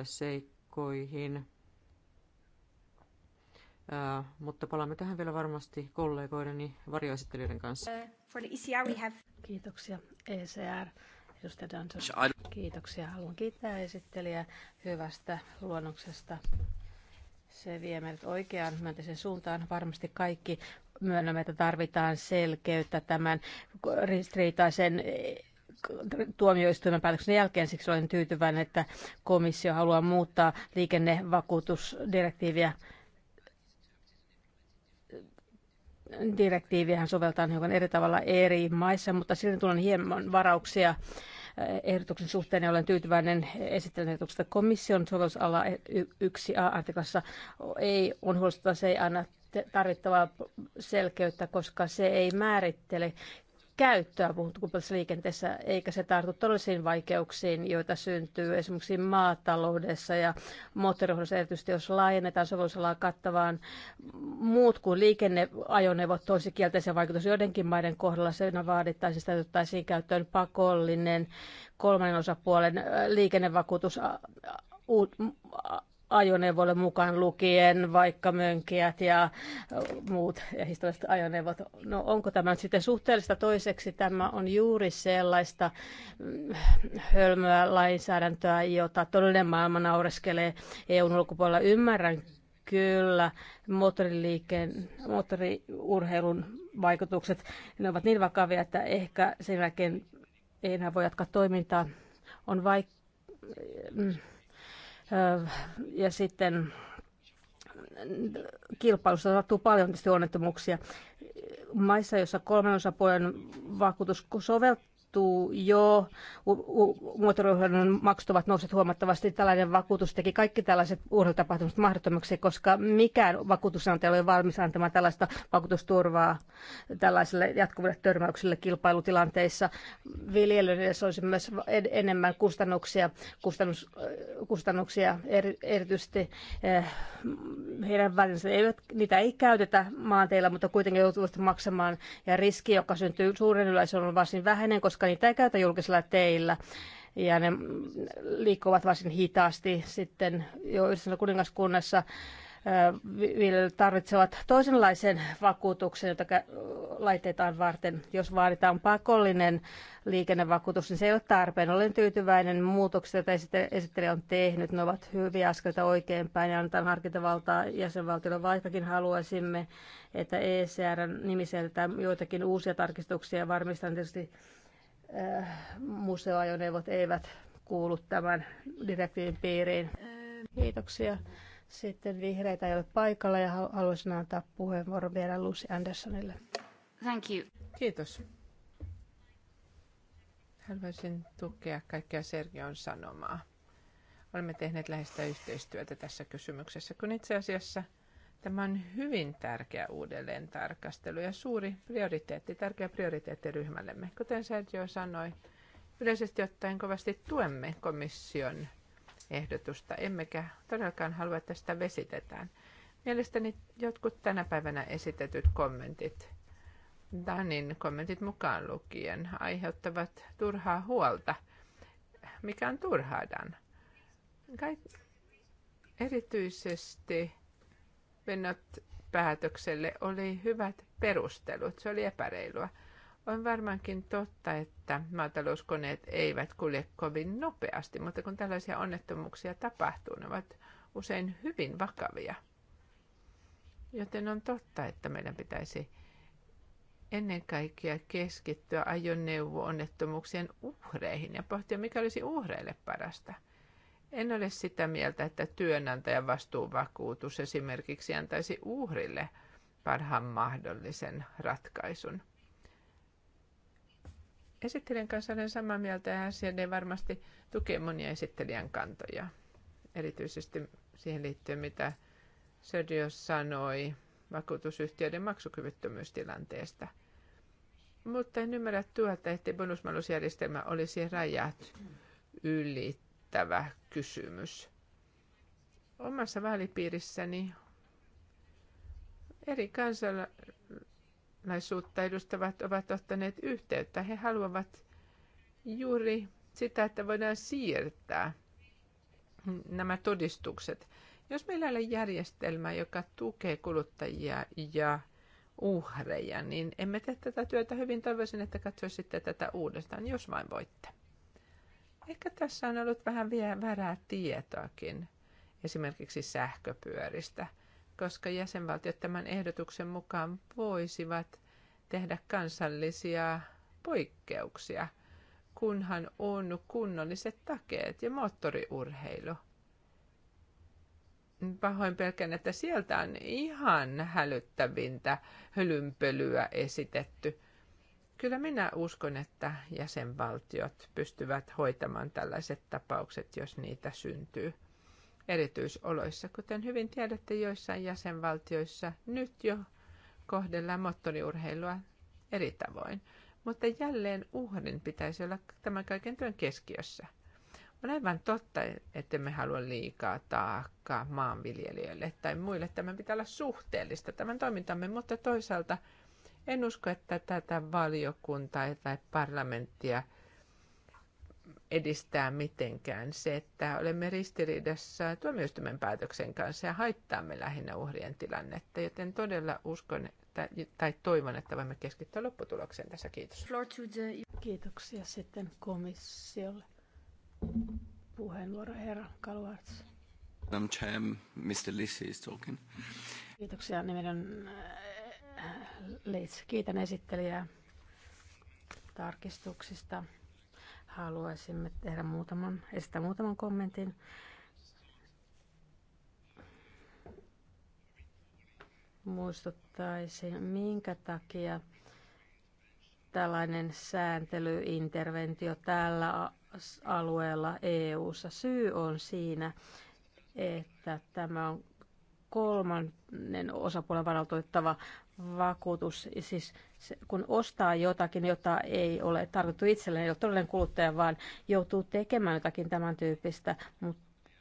seikkoihin mutta palaamme tähän vielä varmasti kollegoideni varjoesittelijöiden kanssa. Uh, for the ECR we have... Kiitoksia ECR. Kiitoksia. Haluan kiittää esittelijää hyvästä luonnoksesta. Se vie meidät oikeaan myönteiseen suuntaan. Varmasti kaikki myönnämme, että tarvitaan selkeyttä tämän ristiriitaisen eh, tuomioistuimen päätöksen jälkeen. Siksi olen tyytyväinen, että komissio haluaa muuttaa liikennevakuutusdirektiiviä direktiiviähän soveltaan hiukan eri tavalla eri maissa, mutta silti tulee hieman varauksia eh, ehdotuksen suhteen ja olen tyytyväinen esittelen ehdotuksesta komission sovellusala 1a artiklassa ei on huolestuttava, se ei anna tarvittavaa selkeyttä, koska se ei määrittele käyttöä puhutukupuolisessa liikenteessä, eikä se tartu todellisiin vaikeuksiin, joita syntyy esimerkiksi maataloudessa ja moottorihoidossa erityisesti, jos laajennetaan sovellusalaa kattavaan muut kuin liikenneajoneuvot toisi kielteisen vaikutus joidenkin maiden kohdalla. se vaadittaisiin, sitä otettaisiin käyttöön pakollinen kolmannen osapuolen liikennevakuutus ajoneuvolle mukaan lukien vaikka mönkijät ja äh, muut ja historialliset ajoneuvot. No onko tämä nyt sitten suhteellista toiseksi? Tämä on juuri sellaista mm, hölmöä lainsäädäntöä, jota todellinen maailma naureskelee EUn ulkopuolella. Ymmärrän kyllä moottoriliikkeen, moottoriurheilun vaikutukset, ne ovat niin vakavia, että ehkä sen jälkeen ei enää voi jatkaa toimintaa. On vaikka mm, ja sitten kilpailussa sattuu paljon tietysti onnettomuuksia. Maissa, joissa kolmen osapuolen vakuutus soveltaa tapahtuu jo. Muotoiluohjelman maksut ovat nousseet huomattavasti. Tällainen vakuutus teki kaikki tällaiset urheilutapahtumat mahdottomaksi, koska mikään vakuutusantaja ei valmis antamaan tällaista vakuutusturvaa tällaisille jatkuville törmäyksille kilpailutilanteissa. Viljelijöille olisi myös enemmän kustannuksia, kustannus, kustannuksia er- erityisesti eh, heidän välinsä. ei niitä ei käytetä maanteilla, mutta kuitenkin joutuvat maksamaan. Ja riski, joka syntyy suuren yleisön on varsin vähäinen, koska niitä ei käytä julkisilla teillä ja ne liikkuvat varsin hitaasti sitten jo yhdessä kuningaskunnassa viljelijät tarvitsevat toisenlaisen vakuutuksen, jota laitetaan varten. Jos vaaditaan pakollinen liikennevakuutus, niin se ei ole tarpeen. Olen tyytyväinen muutoksista, joita esittelijä on tehnyt. Ne ovat hyviä askelta oikeinpäin ja annetaan harkintavaltaa jäsenvaltiolle, vaikkakin haluaisimme, että ECR nimiseltä joitakin uusia tarkistuksia varmistan tietysti Äh, museoajoneuvot eivät kuulu tämän direktiivin piiriin. Kiitoksia. Sitten vihreitä ei ole paikalla ja haluaisin antaa puheenvuoron vielä Lucy Andersonille. Thank you. Kiitos. Haluaisin tukea kaikkea Sergion sanomaa. Olemme tehneet läheistä yhteistyötä tässä kysymyksessä, kun itse asiassa – Tämä on hyvin tärkeä uudelleen tarkastelu ja suuri prioriteetti, tärkeä prioriteetti ryhmällemme. Kuten Sergio sanoi, yleisesti ottaen kovasti tuemme komission ehdotusta, emmekä todellakaan halua, että sitä vesitetään. Mielestäni jotkut tänä päivänä esitetyt kommentit, Danin kommentit mukaan lukien, aiheuttavat turhaa huolta. Mikä on turhaa, Dan? Kaik- erityisesti Vennot päätökselle oli hyvät perustelut. Se oli epäreilua. On varmaankin totta, että maatalouskoneet eivät kulje kovin nopeasti, mutta kun tällaisia onnettomuuksia tapahtuu, ne ovat usein hyvin vakavia. Joten on totta, että meidän pitäisi ennen kaikkea keskittyä ajoneuvo-onnettomuuksien uhreihin ja pohtia, mikä olisi uhreille parasta – en ole sitä mieltä, että työnantajan vastuuvakuutus esimerkiksi antaisi uhrille parhaan mahdollisen ratkaisun. Esittelijän kanssa olen samaa mieltä ja SCD varmasti tukee monia esittelijän kantoja. Erityisesti siihen liittyen, mitä Sergio sanoi vakuutusyhtiöiden maksukyvyttömyystilanteesta. Mutta en ymmärrä tuota, että bonusmalusjärjestelmä olisi rajat ylittänyt merkittävä kysymys. Omassa välipiirissäni eri kansalaisuutta edustavat ovat ottaneet yhteyttä. He haluavat juuri sitä, että voidaan siirtää nämä todistukset. Jos meillä ei ole järjestelmä, joka tukee kuluttajia ja uhreja, niin emme tee tätä työtä hyvin. Toivoisin, että katsoisitte tätä uudestaan, jos vain voitte. Ehkä tässä on ollut vähän vielä väärää tietoakin, esimerkiksi sähköpyöristä, koska jäsenvaltiot tämän ehdotuksen mukaan voisivat tehdä kansallisia poikkeuksia, kunhan on kunnolliset takeet ja moottoriurheilu. Pahoin pelkän, että sieltä on ihan hälyttävintä hölympölyä esitetty – Kyllä minä uskon, että jäsenvaltiot pystyvät hoitamaan tällaiset tapaukset, jos niitä syntyy erityisoloissa. Kuten hyvin tiedätte, joissain jäsenvaltioissa nyt jo kohdellaan moottoriurheilua eri tavoin. Mutta jälleen uhrin pitäisi olla tämän kaiken työn keskiössä. On aivan totta, että me halua liikaa taakkaa maanviljelijöille tai muille. Tämän pitää olla suhteellista, tämän toimintamme, mutta toisaalta – en usko, että tätä valiokuntaa tai parlamenttia edistää mitenkään se, että olemme ristiriidassa tuomioistuimen päätöksen kanssa ja haittaamme lähinnä uhrien tilannetta, joten todella uskon että, tai toivon, että voimme keskittyä lopputulokseen tässä. Kiitos. Kiitoksia sitten komissiolle. Puheenvuoro herra Kaluarts. Mr. Lissi is talking. Kiitoksia. Nimenomaan Leits, kiitän esittelijää tarkistuksista. Haluaisimme tehdä muutaman, esittää muutaman kommentin. Muistuttaisin, minkä takia tällainen sääntelyinterventio tällä alueella EU-ssa. Syy on siinä, että tämä on kolmannen osapuolen varaltoittava vakuutus, siis kun ostaa jotakin, jota ei ole tarkoitettu itselleen, ei ole todellinen kuluttaja, vaan joutuu tekemään jotakin tämän tyyppistä,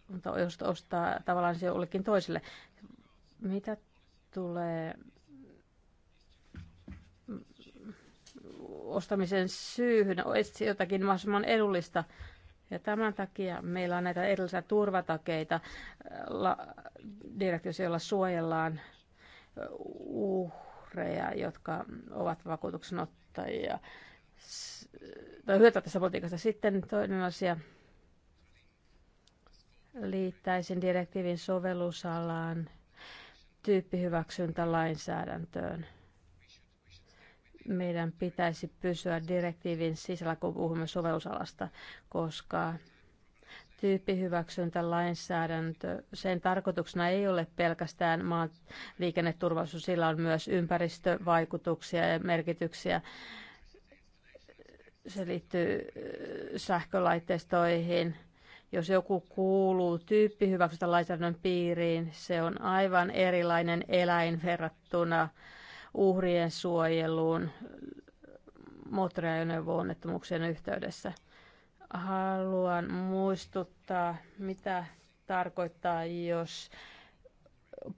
mutta jos ostaa tavallaan se jollekin toiselle. Mitä tulee ostamisen syyhyn, no, etsi jotakin mahdollisimman edullista. Ja tämän takia meillä on näitä erillisiä turvatakeita direktiossa, joilla suojellaan uh, uhreja, jotka ovat vakuutuksenottajia. Tai hyötyä tässä politiikasta. Sitten toinen asia. Liittäisin direktiivin sovellusalaan tyyppihyväksyntälainsäädäntöön. Meidän pitäisi pysyä direktiivin sisällä, kun puhumme sovellusalasta, koska tyyppihyväksyntälainsäädäntö, sen tarkoituksena ei ole pelkästään maan liikenneturvallisuus, sillä on myös ympäristövaikutuksia ja merkityksiä. Se liittyy sähkölaitteistoihin. Jos joku kuuluu tyyppihyväksyntä lainsäädännön piiriin, se on aivan erilainen eläin verrattuna uhrien suojeluun moottoriajoneuvon onnettomuuksien yhteydessä – haluan muistuttaa, mitä tarkoittaa, jos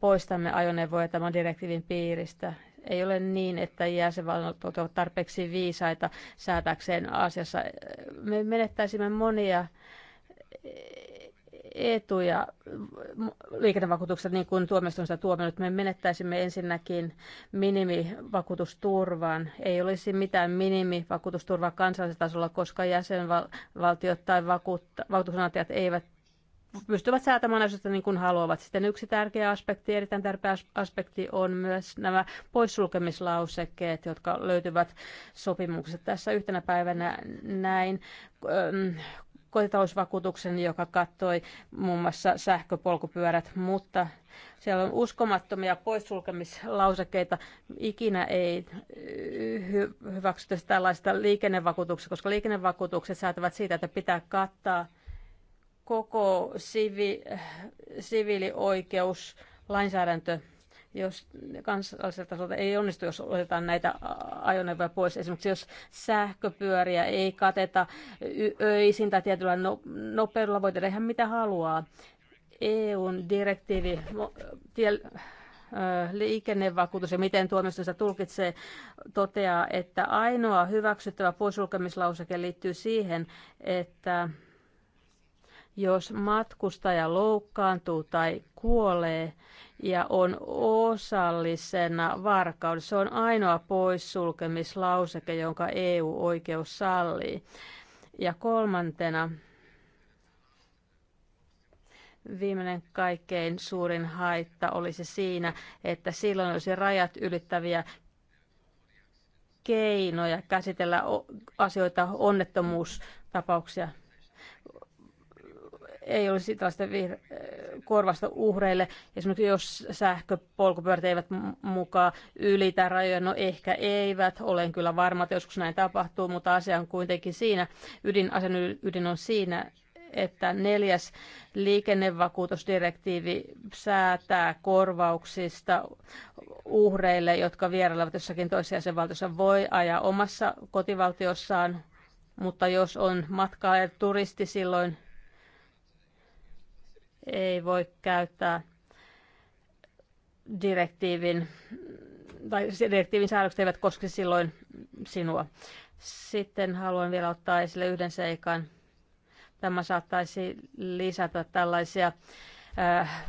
poistamme ajoneuvoja tämän direktiivin piiristä. Ei ole niin, että jäsenvaltiot ovat tarpeeksi viisaita säätäkseen asiassa. Me menettäisimme monia etuja liikennevakuutukset, niin kuin sitä tuominut, me menettäisimme ensinnäkin minimivakuutusturvan. Ei olisi mitään minimivakuutusturvaa kansallisella tasolla, koska jäsenvaltiot tai vakuutta, vakuutuksenantajat eivät pystyvät säätämään asioista niin kuin haluavat. Sitten yksi tärkeä aspekti, erittäin tärkeä aspekti on myös nämä poissulkemislausekkeet, jotka löytyvät sopimuksessa Tässä yhtenä päivänä näin kotitalousvakuutuksen, joka kattoi muun muassa sähköpolkupyörät, mutta siellä on uskomattomia poissulkemislausekkeita. Ikinä ei eh, hy- hyväksytä tällaista liikennevakuutuksia, koska liikennevakuutukset säätävät siitä, että pitää kattaa koko sivi- siviilioikeus, lainsäädäntö jos kansalliselta tasolta ei onnistu, jos otetaan näitä ajoneuvoja pois. Esimerkiksi jos sähköpyöriä ei kateta öisin tai tietyllä no, nopeudella, voi tehdä ihan mitä haluaa. EUn direktiivi liikennevakuutus ja miten tuomioistuin tulkitsee, toteaa, että ainoa hyväksyttävä poissulkemislauseke liittyy siihen, että jos matkustaja loukkaantuu tai kuolee, ja on osallisena varkaudessa. Se on ainoa poissulkemislauseke, jonka EU-oikeus sallii. Ja kolmantena, viimeinen kaikkein suurin haitta olisi siinä, että silloin olisi rajat ylittäviä keinoja käsitellä asioita, onnettomuustapauksia ei olisi tällaista vihr- korvasta uhreille. Esimerkiksi jos sähköpolkupyörät eivät mukaan ylitä rajoja, no ehkä eivät. Olen kyllä varma, että joskus näin tapahtuu, mutta asia on kuitenkin siinä. Ydin, asian ydin on siinä, että neljäs liikennevakuutusdirektiivi säätää korvauksista uhreille, jotka vierailevat jossakin toisessa jäsenvaltiossa, voi ajaa omassa kotivaltiossaan, mutta jos on matkailija turisti, silloin ei voi käyttää direktiivin, tai siis direktiivin säädökset eivät koske silloin sinua. Sitten haluan vielä ottaa esille yhden seikan. Tämä saattaisi lisätä tällaisia äh,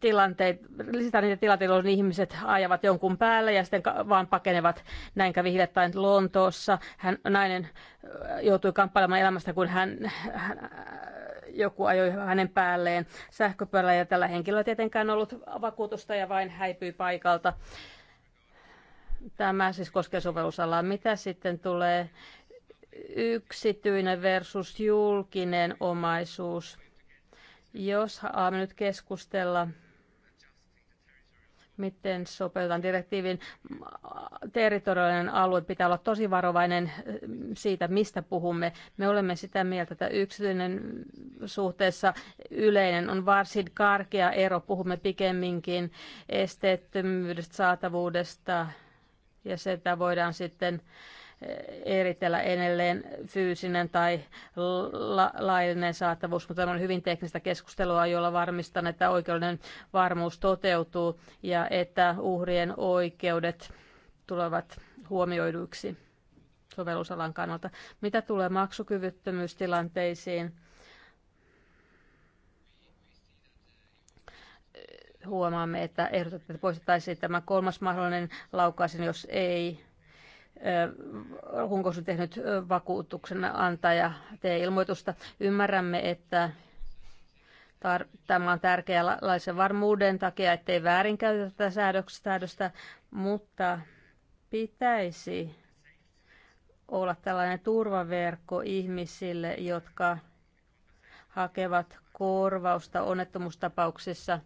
tilanteita, lisätä niitä tilanteita, jolloin ihmiset ajavat jonkun päälle ja sitten vaan pakenevat. Näin kävi hiljattain Lontoossa. Hän, nainen äh, joutui kamppailemaan elämästä, kun hän, hän joku ajoi hänen päälleen sähköpyörällä ja tällä henkilöllä tietenkään ollut vakuutusta ja vain häipyi paikalta. Tämä siis koskee sovellusalaa. Mitä sitten tulee yksityinen versus julkinen omaisuus? Jos haluamme nyt keskustella miten sopeutetaan direktiivin territoriaalinen alue. Pitää olla tosi varovainen eh, siitä, mistä puhumme. Me olemme sitä mieltä, että yksityinen suhteessa yleinen on varsin karkea ero. Puhumme pikemminkin esteettömyydestä, saatavuudesta ja sitä voidaan sitten eritellä edelleen fyysinen tai la- laillinen saatavuus, mutta tämä on hyvin teknistä keskustelua, jolla varmistan, että oikeuden varmuus toteutuu ja että uhrien oikeudet tulevat huomioiduiksi sovellusalan kannalta. Mitä tulee maksukyvyttömyystilanteisiin? Huomaamme, että ehdotetaan, että poistettaisiin tämä kolmas mahdollinen laukaisin, jos ei onko se tehnyt vakuutuksen antaja tee ilmoitusta. Ymmärrämme, että tämä on tärkeä laisen varmuuden takia, ettei väärinkäytetä tätä säädöstä, mutta pitäisi olla tällainen turvaverkko ihmisille, jotka hakevat korvausta onnettomuustapauksissa –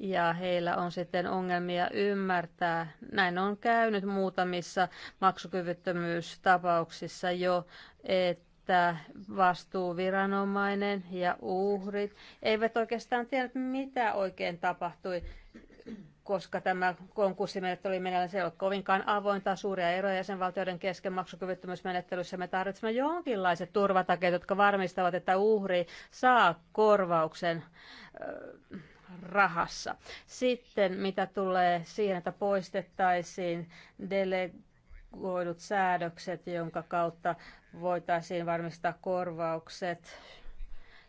ja heillä on sitten ongelmia ymmärtää. Näin on käynyt muutamissa maksukyvyttömyystapauksissa jo, että vastuuviranomainen ja uhrit eivät oikeastaan tiedä, mitä oikein tapahtui koska tämä konkurssimenettely oli meneillään, se ei ole kovinkaan avointa, suuria eroja jäsenvaltioiden kesken maksukyvyttömyysmenettelyssä. Me tarvitsemme jonkinlaiset turvatakeet, jotka varmistavat, että uhri saa korvauksen rahassa. Sitten mitä tulee siihen, että poistettaisiin delegoidut säädökset, jonka kautta voitaisiin varmistaa korvaukset.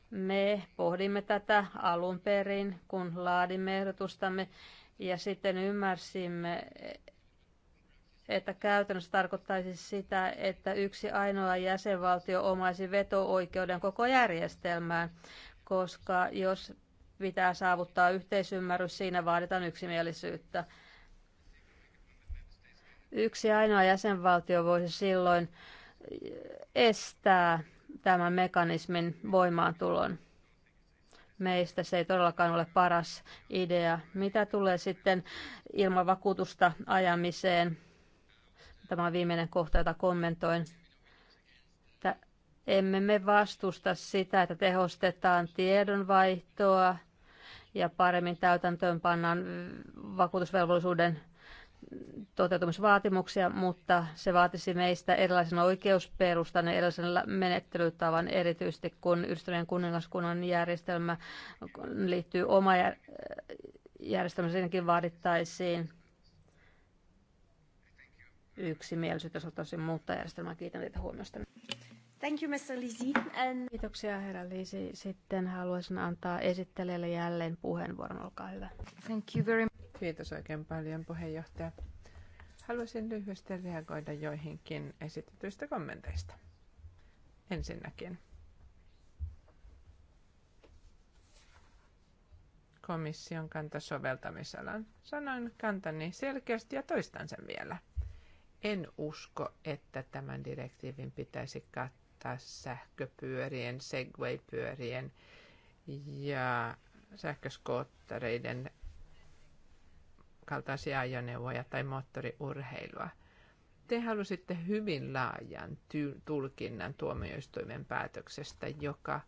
Me pohdimme tätä alun perin, kun laadimme ehdotustamme, ja sitten ymmärsimme, että käytännössä tarkoittaisi sitä, että yksi ainoa jäsenvaltio omaisi veto-oikeuden koko järjestelmään, koska jos pitää saavuttaa yhteisymmärrys, siinä vaaditaan yksimielisyyttä. Yksi ainoa jäsenvaltio voisi silloin estää tämän mekanismin voimaantulon. Meistä se ei todellakaan ole paras idea. Mitä tulee sitten ilman vakuutusta ajamiseen? Tämä on viimeinen kohta, jota kommentoin. Emme me vastusta sitä, että tehostetaan tiedonvaihtoa ja paremmin täytäntöön pannaan mm, vakuutusvelvollisuuden toteutumisvaatimuksia, mutta se vaatisi meistä erilaisen oikeusperustan ja erilaisen menettelytavan, erityisesti kun yhdistyneen kuningaskunnan järjestelmä liittyy oma järjestelmä, siinäkin vaadittaisiin yksimielisyyttä, se on tosi muuttaa järjestelmää. Kiitän teitä huomiosta. Thank you, Mr. Lisi. And... Kiitoksia, herra Lisi. Sitten haluaisin antaa esittelijälle jälleen puheenvuoron. Olkaa hyvä. Thank you very much. Kiitos oikein paljon, puheenjohtaja. Haluaisin lyhyesti reagoida joihinkin esitetyistä kommenteista. Ensinnäkin. komission kanta soveltamisalan. Sanoin kantani selkeästi ja toistan sen vielä. En usko, että tämän direktiivin pitäisi katsoa rajoittaa sähköpyörien, segway-pyörien ja sähköskoottereiden kaltaisia ajoneuvoja tai moottoriurheilua. Te halusitte hyvin laajan tulkinnan tuomioistuimen päätöksestä, joka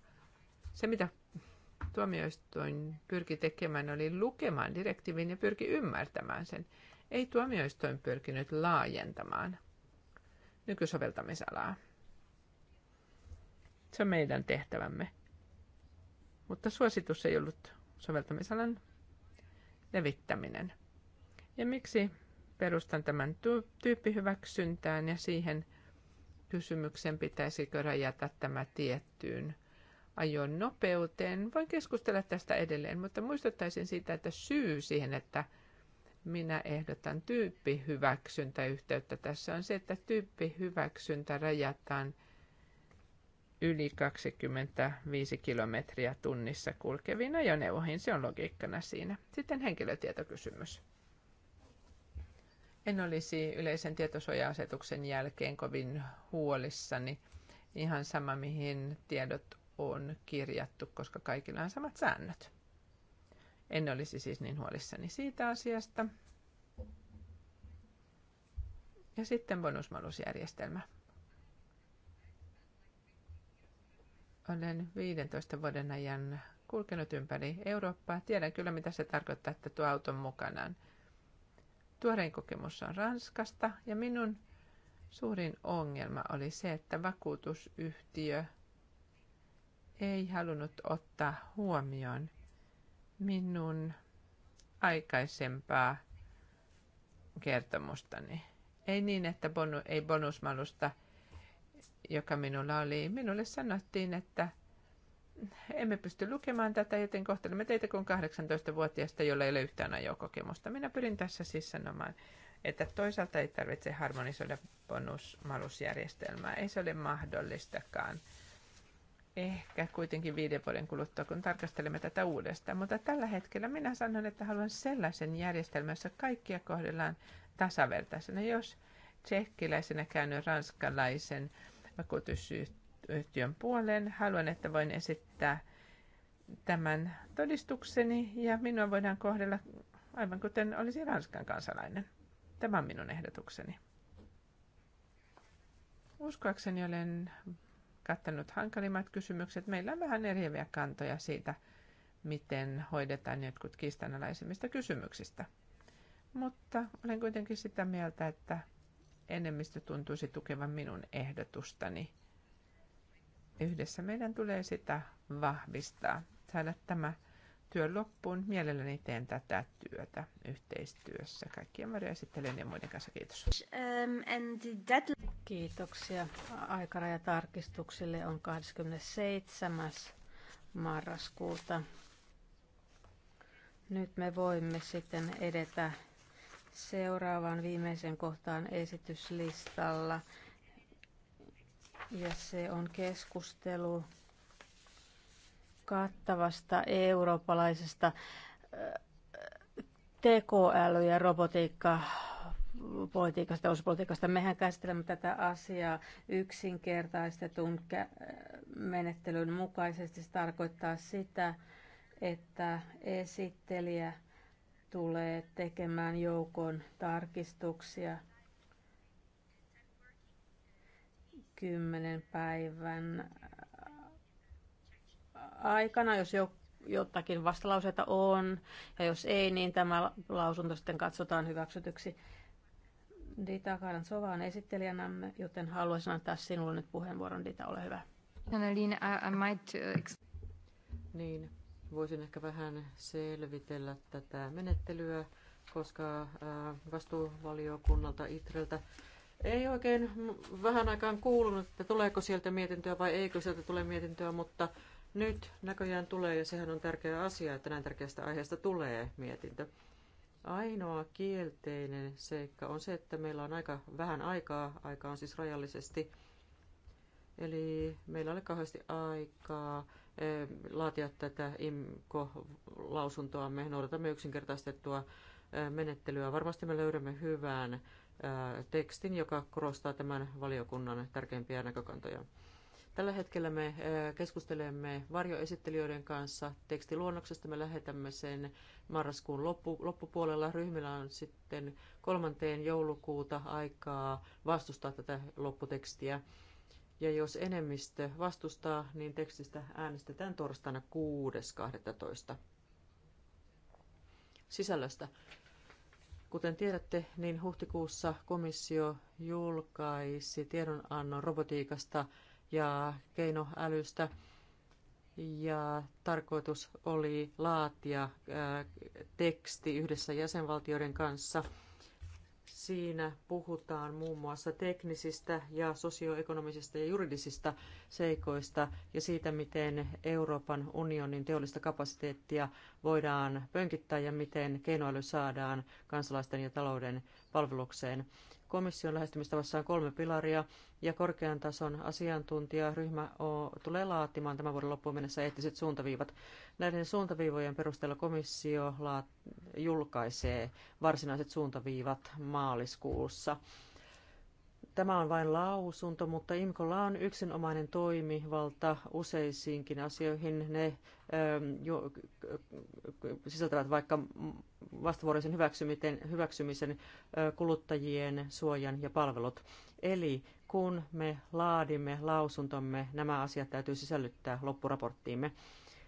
se mitä tuomioistuin pyrki tekemään oli lukemaan direktiivin ja pyrki ymmärtämään sen. Ei tuomioistuin pyrkinyt laajentamaan nykysoveltamisalaa. Se on meidän tehtävämme. Mutta suositus ei ollut soveltamisalan levittäminen. Ja miksi perustan tämän tyyppihyväksyntään ja siihen kysymyksen, pitäisikö rajata tämä tiettyyn ajon nopeuteen. Voin keskustella tästä edelleen, mutta muistuttaisin siitä, että syy siihen, että minä ehdotan tyyppihyväksyntäyhteyttä tässä on se, että tyyppihyväksyntä rajataan – yli 25 kilometriä tunnissa kulkeviin ajoneuvoihin. Se on logiikkana siinä. Sitten henkilötietokysymys. En olisi yleisen tietosuoja-asetuksen jälkeen kovin huolissani. Ihan sama, mihin tiedot on kirjattu, koska kaikilla on samat säännöt. En olisi siis niin huolissani siitä asiasta. Ja sitten bonusmalusjärjestelmä. Olen 15 vuoden ajan kulkenut ympäri Eurooppaa. Tiedän kyllä, mitä se tarkoittaa, että tuo auton mukanaan. Tuorein kokemus on Ranskasta ja minun suurin ongelma oli se, että vakuutusyhtiö ei halunnut ottaa huomioon minun aikaisempaa kertomustani. Ei niin, että bonu, ei bonusmalusta – joka minulla oli, minulle sanottiin, että emme pysty lukemaan tätä, joten kohtelemme teitä kuin 18-vuotiaista, jolla ei ole yhtään ajokokemusta. Minä pyrin tässä siis sanomaan, että toisaalta ei tarvitse harmonisoida bonusmalusjärjestelmää. Ei se ole mahdollistakaan. Ehkä kuitenkin viiden vuoden kuluttua, kun tarkastelemme tätä uudestaan. Mutta tällä hetkellä minä sanon, että haluan sellaisen järjestelmän, jossa kaikkia kohdellaan tasavertaisena. Jos tsekkiläisenä käynyt ranskalaisen vakuutusyhtiön puoleen. Haluan, että voin esittää tämän todistukseni ja minua voidaan kohdella aivan kuten olisi Ranskan kansalainen. Tämä on minun ehdotukseni. Uskoakseni olen kattanut hankalimmat kysymykset. Meillä on vähän eriäviä kantoja siitä, miten hoidetaan jotkut kiistanalaisimmista kysymyksistä. Mutta olen kuitenkin sitä mieltä, että enemmistö tuntuisi tukevan minun ehdotustani. Yhdessä meidän tulee sitä vahvistaa, saada tämä työ loppuun. Mielelläni teen tätä työtä yhteistyössä kaikkien esittelen ja muiden kanssa. Kiitos. Um, Kiitoksia. Aikarajatarkistuksille on 27. marraskuuta. Nyt me voimme sitten edetä seuraavaan viimeiseen kohtaan esityslistalla. Ja se on keskustelu kattavasta eurooppalaisesta tekoäly- ja robotiikka politiikasta, talouspolitiikasta. Mehän käsittelemme tätä asiaa yksinkertaistetun menettelyn mukaisesti. Se tarkoittaa sitä, että esittelijä – tulee tekemään joukon tarkistuksia kymmenen päivän aikana, jos jo, jotakin vastalauseita on, ja jos ei, niin tämä lausunto sitten katsotaan hyväksytyksi. Dita Sova on esittelijänämme, joten haluaisin antaa sinulle nyt puheenvuoron. Dita, ole hyvä. Annalina, I, I might... Uh, niin, voisin ehkä vähän selvitellä tätä menettelyä, koska vastuuvaliokunnalta ITRELtä ei oikein vähän aikaan kuulunut, että tuleeko sieltä mietintöä vai eikö sieltä tule mietintöä, mutta nyt näköjään tulee ja sehän on tärkeä asia, että näin tärkeästä aiheesta tulee mietintö. Ainoa kielteinen seikka on se, että meillä on aika vähän aikaa, aika on siis rajallisesti, eli meillä oli kauheasti aikaa laatia tätä IMKO-lausuntoa. Me noudatamme yksinkertaistettua menettelyä. Varmasti me löydämme hyvän tekstin, joka korostaa tämän valiokunnan tärkeimpiä näkökantoja. Tällä hetkellä me keskustelemme varjoesittelijöiden kanssa tekstiluonnoksesta. Me lähetämme sen marraskuun loppu, loppupuolella. Ryhmillä on sitten kolmanteen joulukuuta aikaa vastustaa tätä lopputekstiä. Ja jos enemmistö vastustaa, niin tekstistä äänestetään torstaina 6.12. Sisällöstä. Kuten tiedätte, niin huhtikuussa komissio julkaisi tiedonannon robotiikasta ja keinoälystä. Ja tarkoitus oli laatia teksti yhdessä jäsenvaltioiden kanssa – Siinä puhutaan muun muassa teknisistä ja sosioekonomisista ja juridisista seikoista ja siitä, miten Euroopan unionin teollista kapasiteettia voidaan pönkittää ja miten keinoäly saadaan kansalaisten ja talouden palvelukseen. Komission lähestymistavassa on kolme pilaria ja korkean tason asiantuntijaryhmä tulee laatimaan tämän vuoden loppuun mennessä eettiset suuntaviivat. Näiden suuntaviivojen perusteella komissio laat, julkaisee varsinaiset suuntaviivat maaliskuussa. Tämä on vain lausunto, mutta IMKOlla on yksinomainen toimivalta useisiinkin asioihin. Ne ähm, jo, sisältävät vaikka vastavuoroisen hyväksymisen, hyväksymisen kuluttajien suojan ja palvelut. Eli kun me laadimme lausuntomme, nämä asiat täytyy sisällyttää loppuraporttiimme.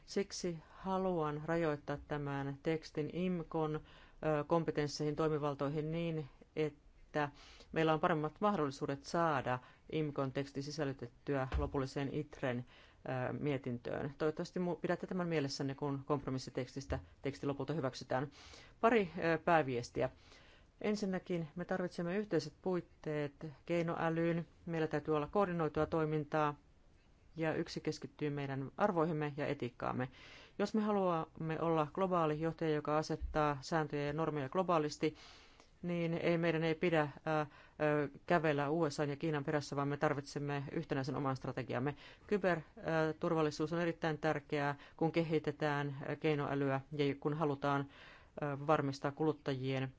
Siksi haluan rajoittaa tämän tekstin IMKON kompetensseihin toimivaltoihin niin, että että meillä on paremmat mahdollisuudet saada IMKON teksti sisällytettyä lopulliseen ITREN mietintöön. Toivottavasti pidätte tämän mielessänne, kun kompromissitekstistä teksti lopulta hyväksytään. Pari pääviestiä. Ensinnäkin me tarvitsemme yhteiset puitteet keinoälyyn. Meillä täytyy olla koordinoitua toimintaa ja yksi keskittyy meidän arvoihimme ja etiikkaamme. Jos me haluamme olla globaali johtaja, joka asettaa sääntöjä ja normeja globaalisti, niin ei, meidän ei pidä kävellä USA ja Kiinan perässä, vaan me tarvitsemme yhtenäisen oman strategiamme. Kyberturvallisuus on erittäin tärkeää, kun kehitetään keinoälyä ja kun halutaan varmistaa kuluttajien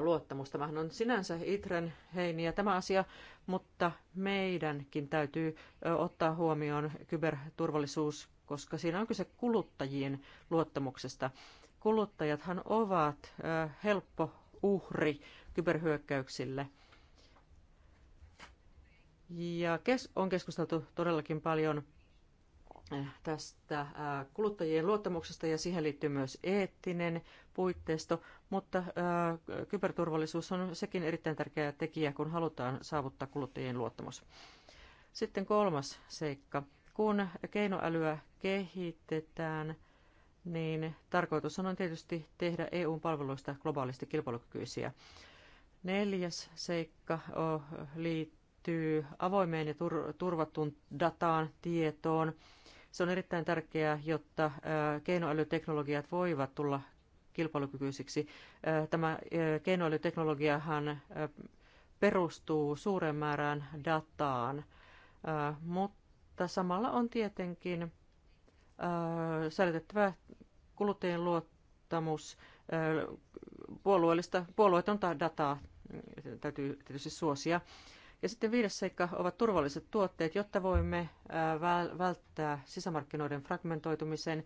luottamus. Tämähän on sinänsä Itren heiniä tämä asia, mutta meidänkin täytyy ottaa huomioon kyberturvallisuus, koska siinä on kyse kuluttajien luottamuksesta. Kuluttajathan ovat helppo uhri kyberhyökkäyksille. Ja kes- on keskusteltu todellakin paljon eh, tästä eh, kuluttajien luottamuksesta ja siihen liittyy myös eettinen puitteisto, mutta eh, kyberturvallisuus on sekin erittäin tärkeä tekijä, kun halutaan saavuttaa kuluttajien luottamus. Sitten kolmas seikka. Kun keinoälyä kehitetään, niin tarkoitus on tietysti tehdä EUn palveluista globaalisti kilpailukykyisiä. Neljäs seikka liittyy avoimeen ja turvattuun dataan, tietoon. Se on erittäin tärkeää, jotta keinoälyteknologiat voivat tulla kilpailukykyisiksi. Tämä keinoälyteknologiahan perustuu suuren määrään dataan, mutta samalla on tietenkin Äh, säilytettävä kuluttajien luottamus, äh, puolueellista, puolueetonta dataa äh, täytyy tietysti suosia. Ja sitten viides seikka ovat turvalliset tuotteet, jotta voimme välttää sisämarkkinoiden fragmentoitumisen.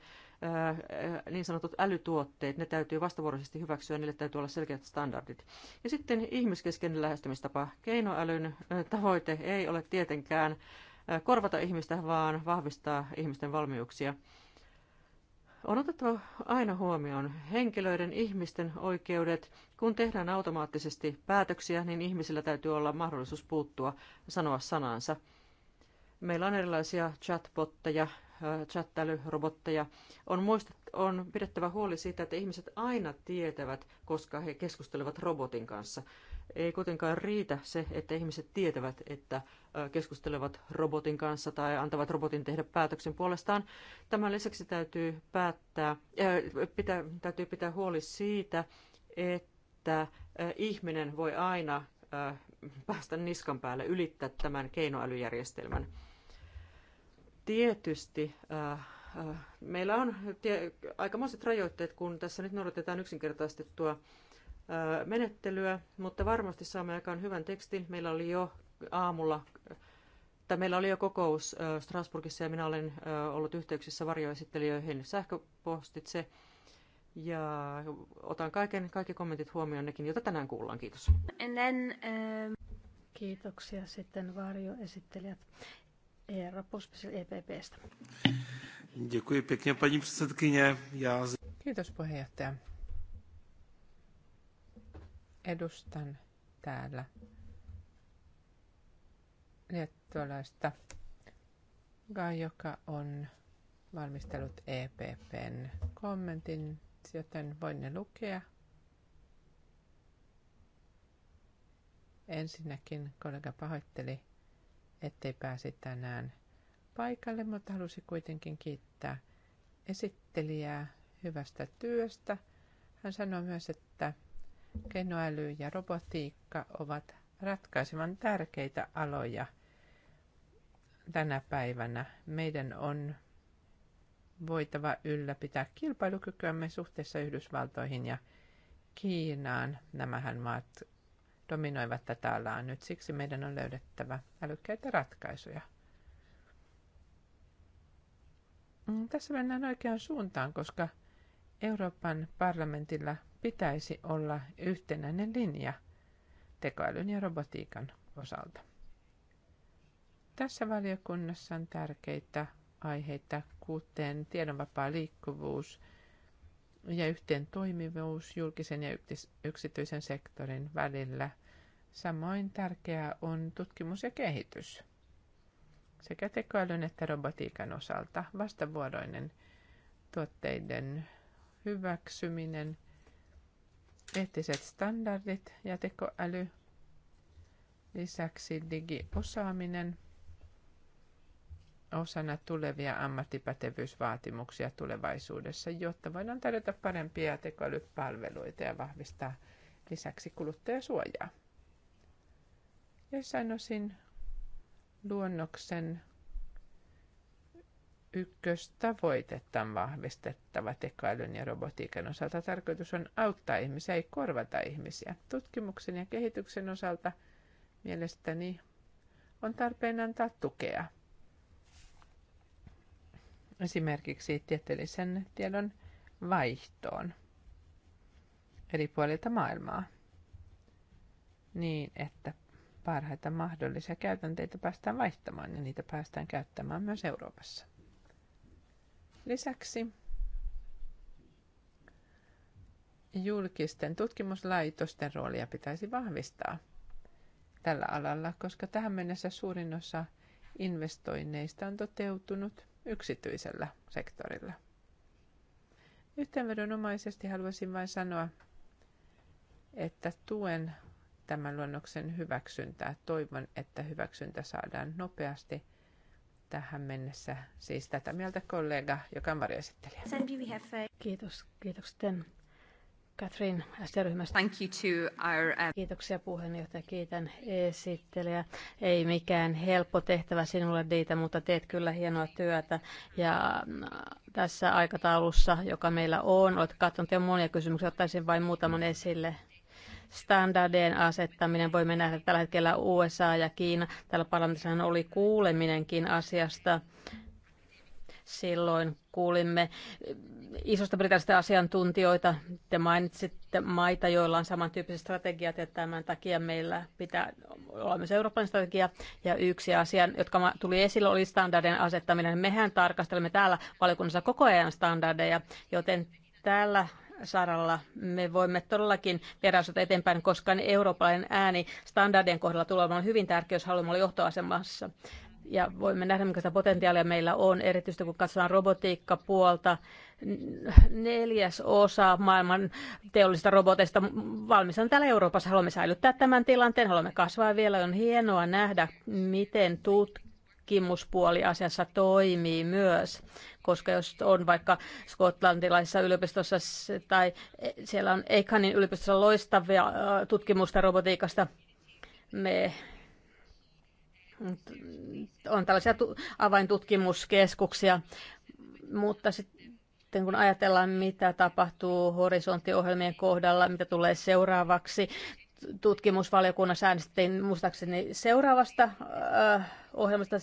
Niin sanotut älytuotteet, ne täytyy vastavuoroisesti hyväksyä, niille täytyy olla selkeät standardit. Ja sitten ihmiskeskeinen lähestymistapa. Keinoälyn tavoite ei ole tietenkään korvata ihmistä, vaan vahvistaa ihmisten valmiuksia. On otettava aina huomioon henkilöiden, ihmisten oikeudet. Kun tehdään automaattisesti päätöksiä, niin ihmisillä täytyy olla mahdollisuus puuttua sanoa sanansa. Meillä on erilaisia chatbotteja, chattailyrobotteja. On, muistet, on pidettävä huoli siitä, että ihmiset aina tietävät, koska he keskustelevat robotin kanssa ei kuitenkaan riitä se, että ihmiset tietävät, että keskustelevat robotin kanssa tai antavat robotin tehdä päätöksen puolestaan. Tämän lisäksi täytyy, päättää, äh, pitää, täytyy pitää huoli siitä, että ihminen voi aina äh, päästä niskan päälle, ylittää tämän keinoälyjärjestelmän. Tietysti äh, äh, meillä on tie, aikamoiset rajoitteet, kun tässä nyt noudatetaan yksinkertaistettua äh, menettelyä, mutta varmasti saamme aikaan hyvän tekstin. Meillä oli jo aamulla tai meillä oli jo kokous Strasbourgissa ja minä olen ollut yhteyksissä varjoesittelijöihin sähköpostitse. Ja otan kaiken, kaikki kommentit huomioon nekin, joita tänään kuullaan. Kiitos. And then, um... Kiitoksia sitten varjoesittelijät Eero Pospisil EPPstä. Kiitos puheenjohtaja edustan täällä liettualaista Guy, joka on valmistellut EPPn kommentin, joten voin ne lukea. Ensinnäkin kollega pahoitteli, ettei pääsi tänään paikalle, mutta halusi kuitenkin kiittää esittelijää hyvästä työstä. Hän sanoi myös, että Keinoäly ja robotiikka ovat ratkaisevan tärkeitä aloja tänä päivänä. Meidän on voitava ylläpitää kilpailukykyämme suhteessa Yhdysvaltoihin ja Kiinaan. Nämähän maat dominoivat tätä alaa nyt, siksi meidän on löydettävä älykkäitä ratkaisuja. Mm, tässä mennään oikeaan suuntaan, koska Euroopan parlamentilla – pitäisi olla yhtenäinen linja tekoälyn ja robotiikan osalta. Tässä valiokunnassa on tärkeitä aiheita, kuten tiedonvapaa liikkuvuus ja yhteen toimivuus julkisen ja yksityisen sektorin välillä. Samoin tärkeää on tutkimus ja kehitys sekä tekoälyn että robotiikan osalta vastavuoroinen tuotteiden hyväksyminen – eettiset standardit ja tekoäly, lisäksi digiosaaminen osana tulevia ammattipätevyysvaatimuksia tulevaisuudessa, jotta voidaan tarjota parempia tekoälypalveluita ja vahvistaa lisäksi kuluttajasuojaa. Jossain osin luonnoksen ykköstavoitetta on vahvistettava tekoälyn ja robotiikan osalta. Tarkoitus on auttaa ihmisiä, ei korvata ihmisiä. Tutkimuksen ja kehityksen osalta mielestäni on tarpeen antaa tukea. Esimerkiksi tieteellisen tiedon vaihtoon eri puolilta maailmaa niin, että parhaita mahdollisia käytänteitä päästään vaihtamaan ja niitä päästään käyttämään myös Euroopassa. Lisäksi julkisten tutkimuslaitosten roolia pitäisi vahvistaa tällä alalla, koska tähän mennessä suurin osa investoinneista on toteutunut yksityisellä sektorilla. Yhteenvedonomaisesti haluaisin vain sanoa, että tuen tämän luonnoksen hyväksyntää. Toivon, että hyväksyntä saadaan nopeasti – tähän mennessä. Siis tätä mieltä kollega, joka on varjoesittelijä. Uh, kiitos, kiitos sitten Catherine. SD-ryhmästä. Thank you to our, uh... Kiitoksia puheenjohtaja, kiitän esittelijä. Ei mikään helppo tehtävä sinulle Diita, mutta teet kyllä hienoa työtä. Ja mm, tässä aikataulussa, joka meillä on, olet katsonut jo monia kysymyksiä, ottaisin vain muutaman esille standardien asettaminen. Voimme nähdä tällä hetkellä USA ja Kiina. Tällä parlamentissa oli kuuleminenkin asiasta. Silloin kuulimme isosta britannista asiantuntijoita. Te mainitsitte maita, joilla on samantyyppiset strategiat ja tämän takia meillä pitää olla myös Euroopan strategia. Ja yksi asia, jotka tuli esille, oli standardien asettaminen. Mehän tarkastelemme täällä valiokunnassa koko ajan standardeja, joten täällä saralla me voimme todellakin viedä eteenpäin, koska eurooppalainen ääni standardien kohdalla tulee olemaan hyvin tärkeä, jos haluamme olla johtoasemassa. Ja voimme nähdä, minkälaista potentiaalia meillä on, erityisesti kun katsotaan robotiikkapuolta. Neljäs osa maailman teollisista roboteista on täällä Euroopassa. Haluamme säilyttää tämän tilanteen, haluamme kasvaa vielä. On hienoa nähdä, miten tutkimuspuoli asiassa toimii myös koska jos on vaikka skotlantilaisessa yliopistossa tai siellä on Eikhanin yliopistossa loistavia tutkimusta robotiikasta, me on tällaisia avaintutkimuskeskuksia, mutta sitten kun ajatellaan, mitä tapahtuu horisonttiohjelmien kohdalla, mitä tulee seuraavaksi, tutkimusvaliokunnassa äänestettiin muistaakseni seuraavasta äh, ohjelmasta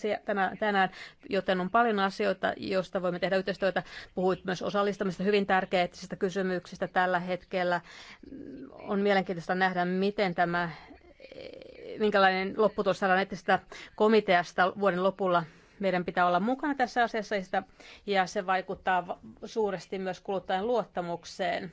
tänään, joten on paljon asioita, joista voimme tehdä yhteistyötä. Puhuit myös osallistamista hyvin tärkeistä kysymyksistä tällä hetkellä. On mielenkiintoista nähdä, miten tämä, minkälainen lopputulos saadaan etsisestä komiteasta vuoden lopulla meidän pitää olla mukana tässä asiassa ja se vaikuttaa suuresti myös kuluttajan luottamukseen.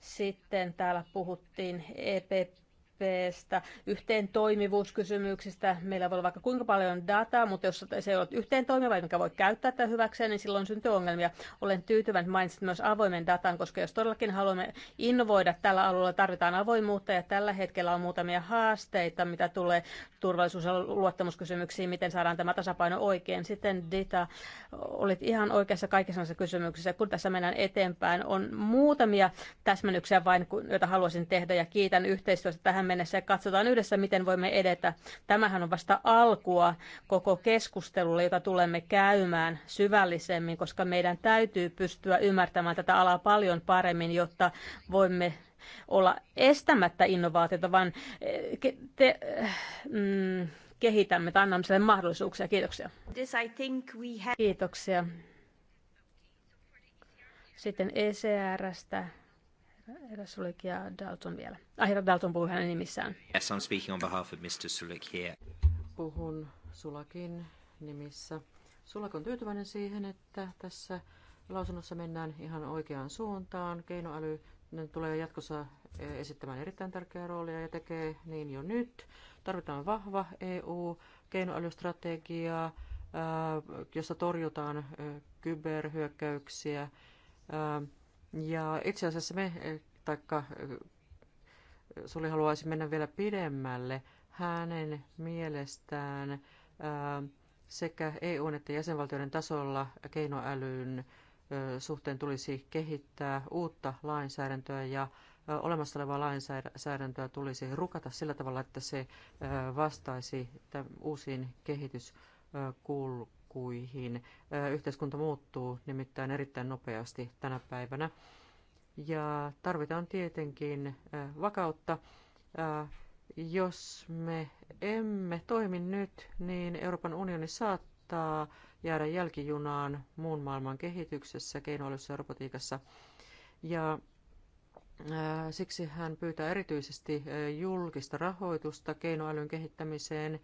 Sitten täällä puhuttiin EPP tilanteesta, yhteen toimivuuskysymyksistä. Meillä voi olla vaikka kuinka paljon dataa, mutta jos se ei ole yhteen toimiva, mikä voi käyttää tätä hyväkseen, niin silloin syntyy ongelmia. Olen tyytyväinen, mainitsit myös avoimen datan, koska jos todellakin haluamme innovoida tällä alueella, tarvitaan avoimuutta ja tällä hetkellä on muutamia haasteita, mitä tulee turvallisuus- ja luottamuskysymyksiin, miten saadaan tämä tasapaino oikein. Sitten Dita, olit ihan oikeassa kaikissa näissä kysymyksissä. Kun tässä mennään eteenpäin, on muutamia täsmennyksiä vain, joita haluaisin tehdä ja kiitän yhteistyöstä tähän mennessä mennessä ja katsotaan yhdessä, miten voimme edetä. Tämähän on vasta alkua koko keskustelulle, jota tulemme käymään syvällisemmin, koska meidän täytyy pystyä ymmärtämään tätä alaa paljon paremmin, jotta voimme olla estämättä innovaatiota, vaan eh, te, eh, mm, kehitämme tai annamme sille mahdollisuuksia. Kiitoksia. Kiitoksia. Sitten ECRstä herra Sulik ja Dalton vielä. Ah, herra Dalton puhuu hänen nimissään. Yes, I'm speaking on behalf of Mr. Sulik here. Puhun Sulakin nimissä. Sulak on tyytyväinen siihen, että tässä lausunnossa mennään ihan oikeaan suuntaan. Keinoäly tulee jatkossa eh, esittämään erittäin tärkeää roolia ja tekee niin jo nyt. Tarvitaan vahva EU, keinoälystrategia, eh, jossa torjutaan eh, kyberhyökkäyksiä, ja itse asiassa me, taikka Suli haluaisi mennä vielä pidemmälle, hänen mielestään sekä EU- että jäsenvaltioiden tasolla keinoälyn suhteen tulisi kehittää uutta lainsäädäntöä ja olemassa olevaa lainsäädäntöä tulisi rukata sillä tavalla, että se vastaisi uusiin kehityskulkuihin lukuihin. Yhteiskunta muuttuu nimittäin erittäin nopeasti tänä päivänä. Ja tarvitaan tietenkin vakautta. Jos me emme toimi nyt, niin Euroopan unioni saattaa jäädä jälkijunaan muun maailman kehityksessä, keinoälyssä ja robotiikassa. Ja Siksi hän pyytää erityisesti julkista rahoitusta keinoälyn kehittämiseen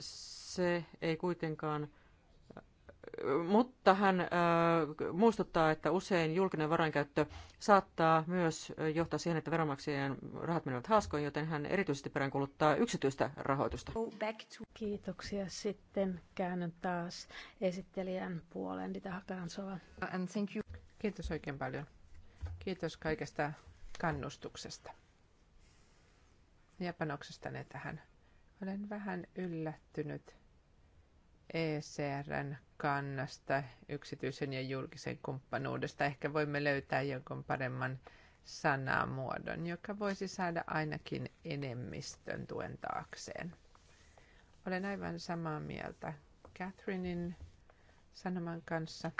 se ei kuitenkaan, mutta hän äh, muistuttaa, että usein julkinen varainkäyttö saattaa myös johtaa siihen, että veronmaksajien rahat menevät haaskoon, joten hän erityisesti peräänkuluttaa yksityistä rahoitusta. Kiitoksia. Sitten käännyn taas esittelijän puoleen, Dita Hakansova. Kiitos oikein paljon. Kiitos kaikesta kannustuksesta ja panoksestanne tähän. Olen vähän yllättynyt ECRn kannasta, yksityisen ja julkisen kumppanuudesta. Ehkä voimme löytää jonkun paremman sanamuodon, joka voisi saada ainakin enemmistön tuen taakseen. Olen aivan samaa mieltä Catherinein sanoman kanssa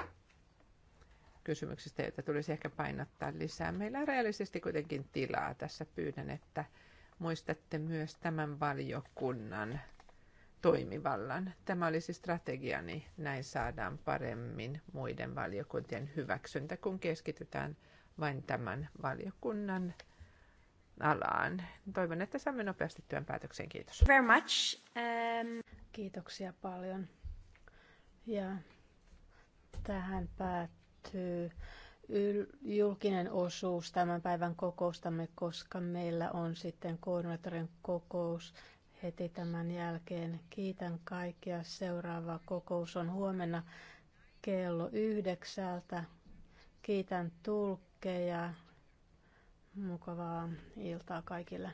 kysymyksistä, joita tulisi ehkä painottaa lisää. Meillä on realistisesti kuitenkin tilaa tässä pyydän, että muistatte myös tämän valiokunnan toimivallan. Tämä olisi strategiani, näin saadaan paremmin muiden valiokuntien hyväksyntä, kun keskitytään vain tämän valiokunnan alaan. Toivon, että saamme nopeasti työn päätökseen. Kiitos. Very much. Um... Kiitoksia paljon. Ja tähän päättyy julkinen osuus tämän päivän kokoustamme, koska meillä on sitten koordinaattorin kokous heti tämän jälkeen. Kiitän kaikkia. Seuraava kokous on huomenna kello yhdeksältä. Kiitän tulkkeja. Mukavaa iltaa kaikille.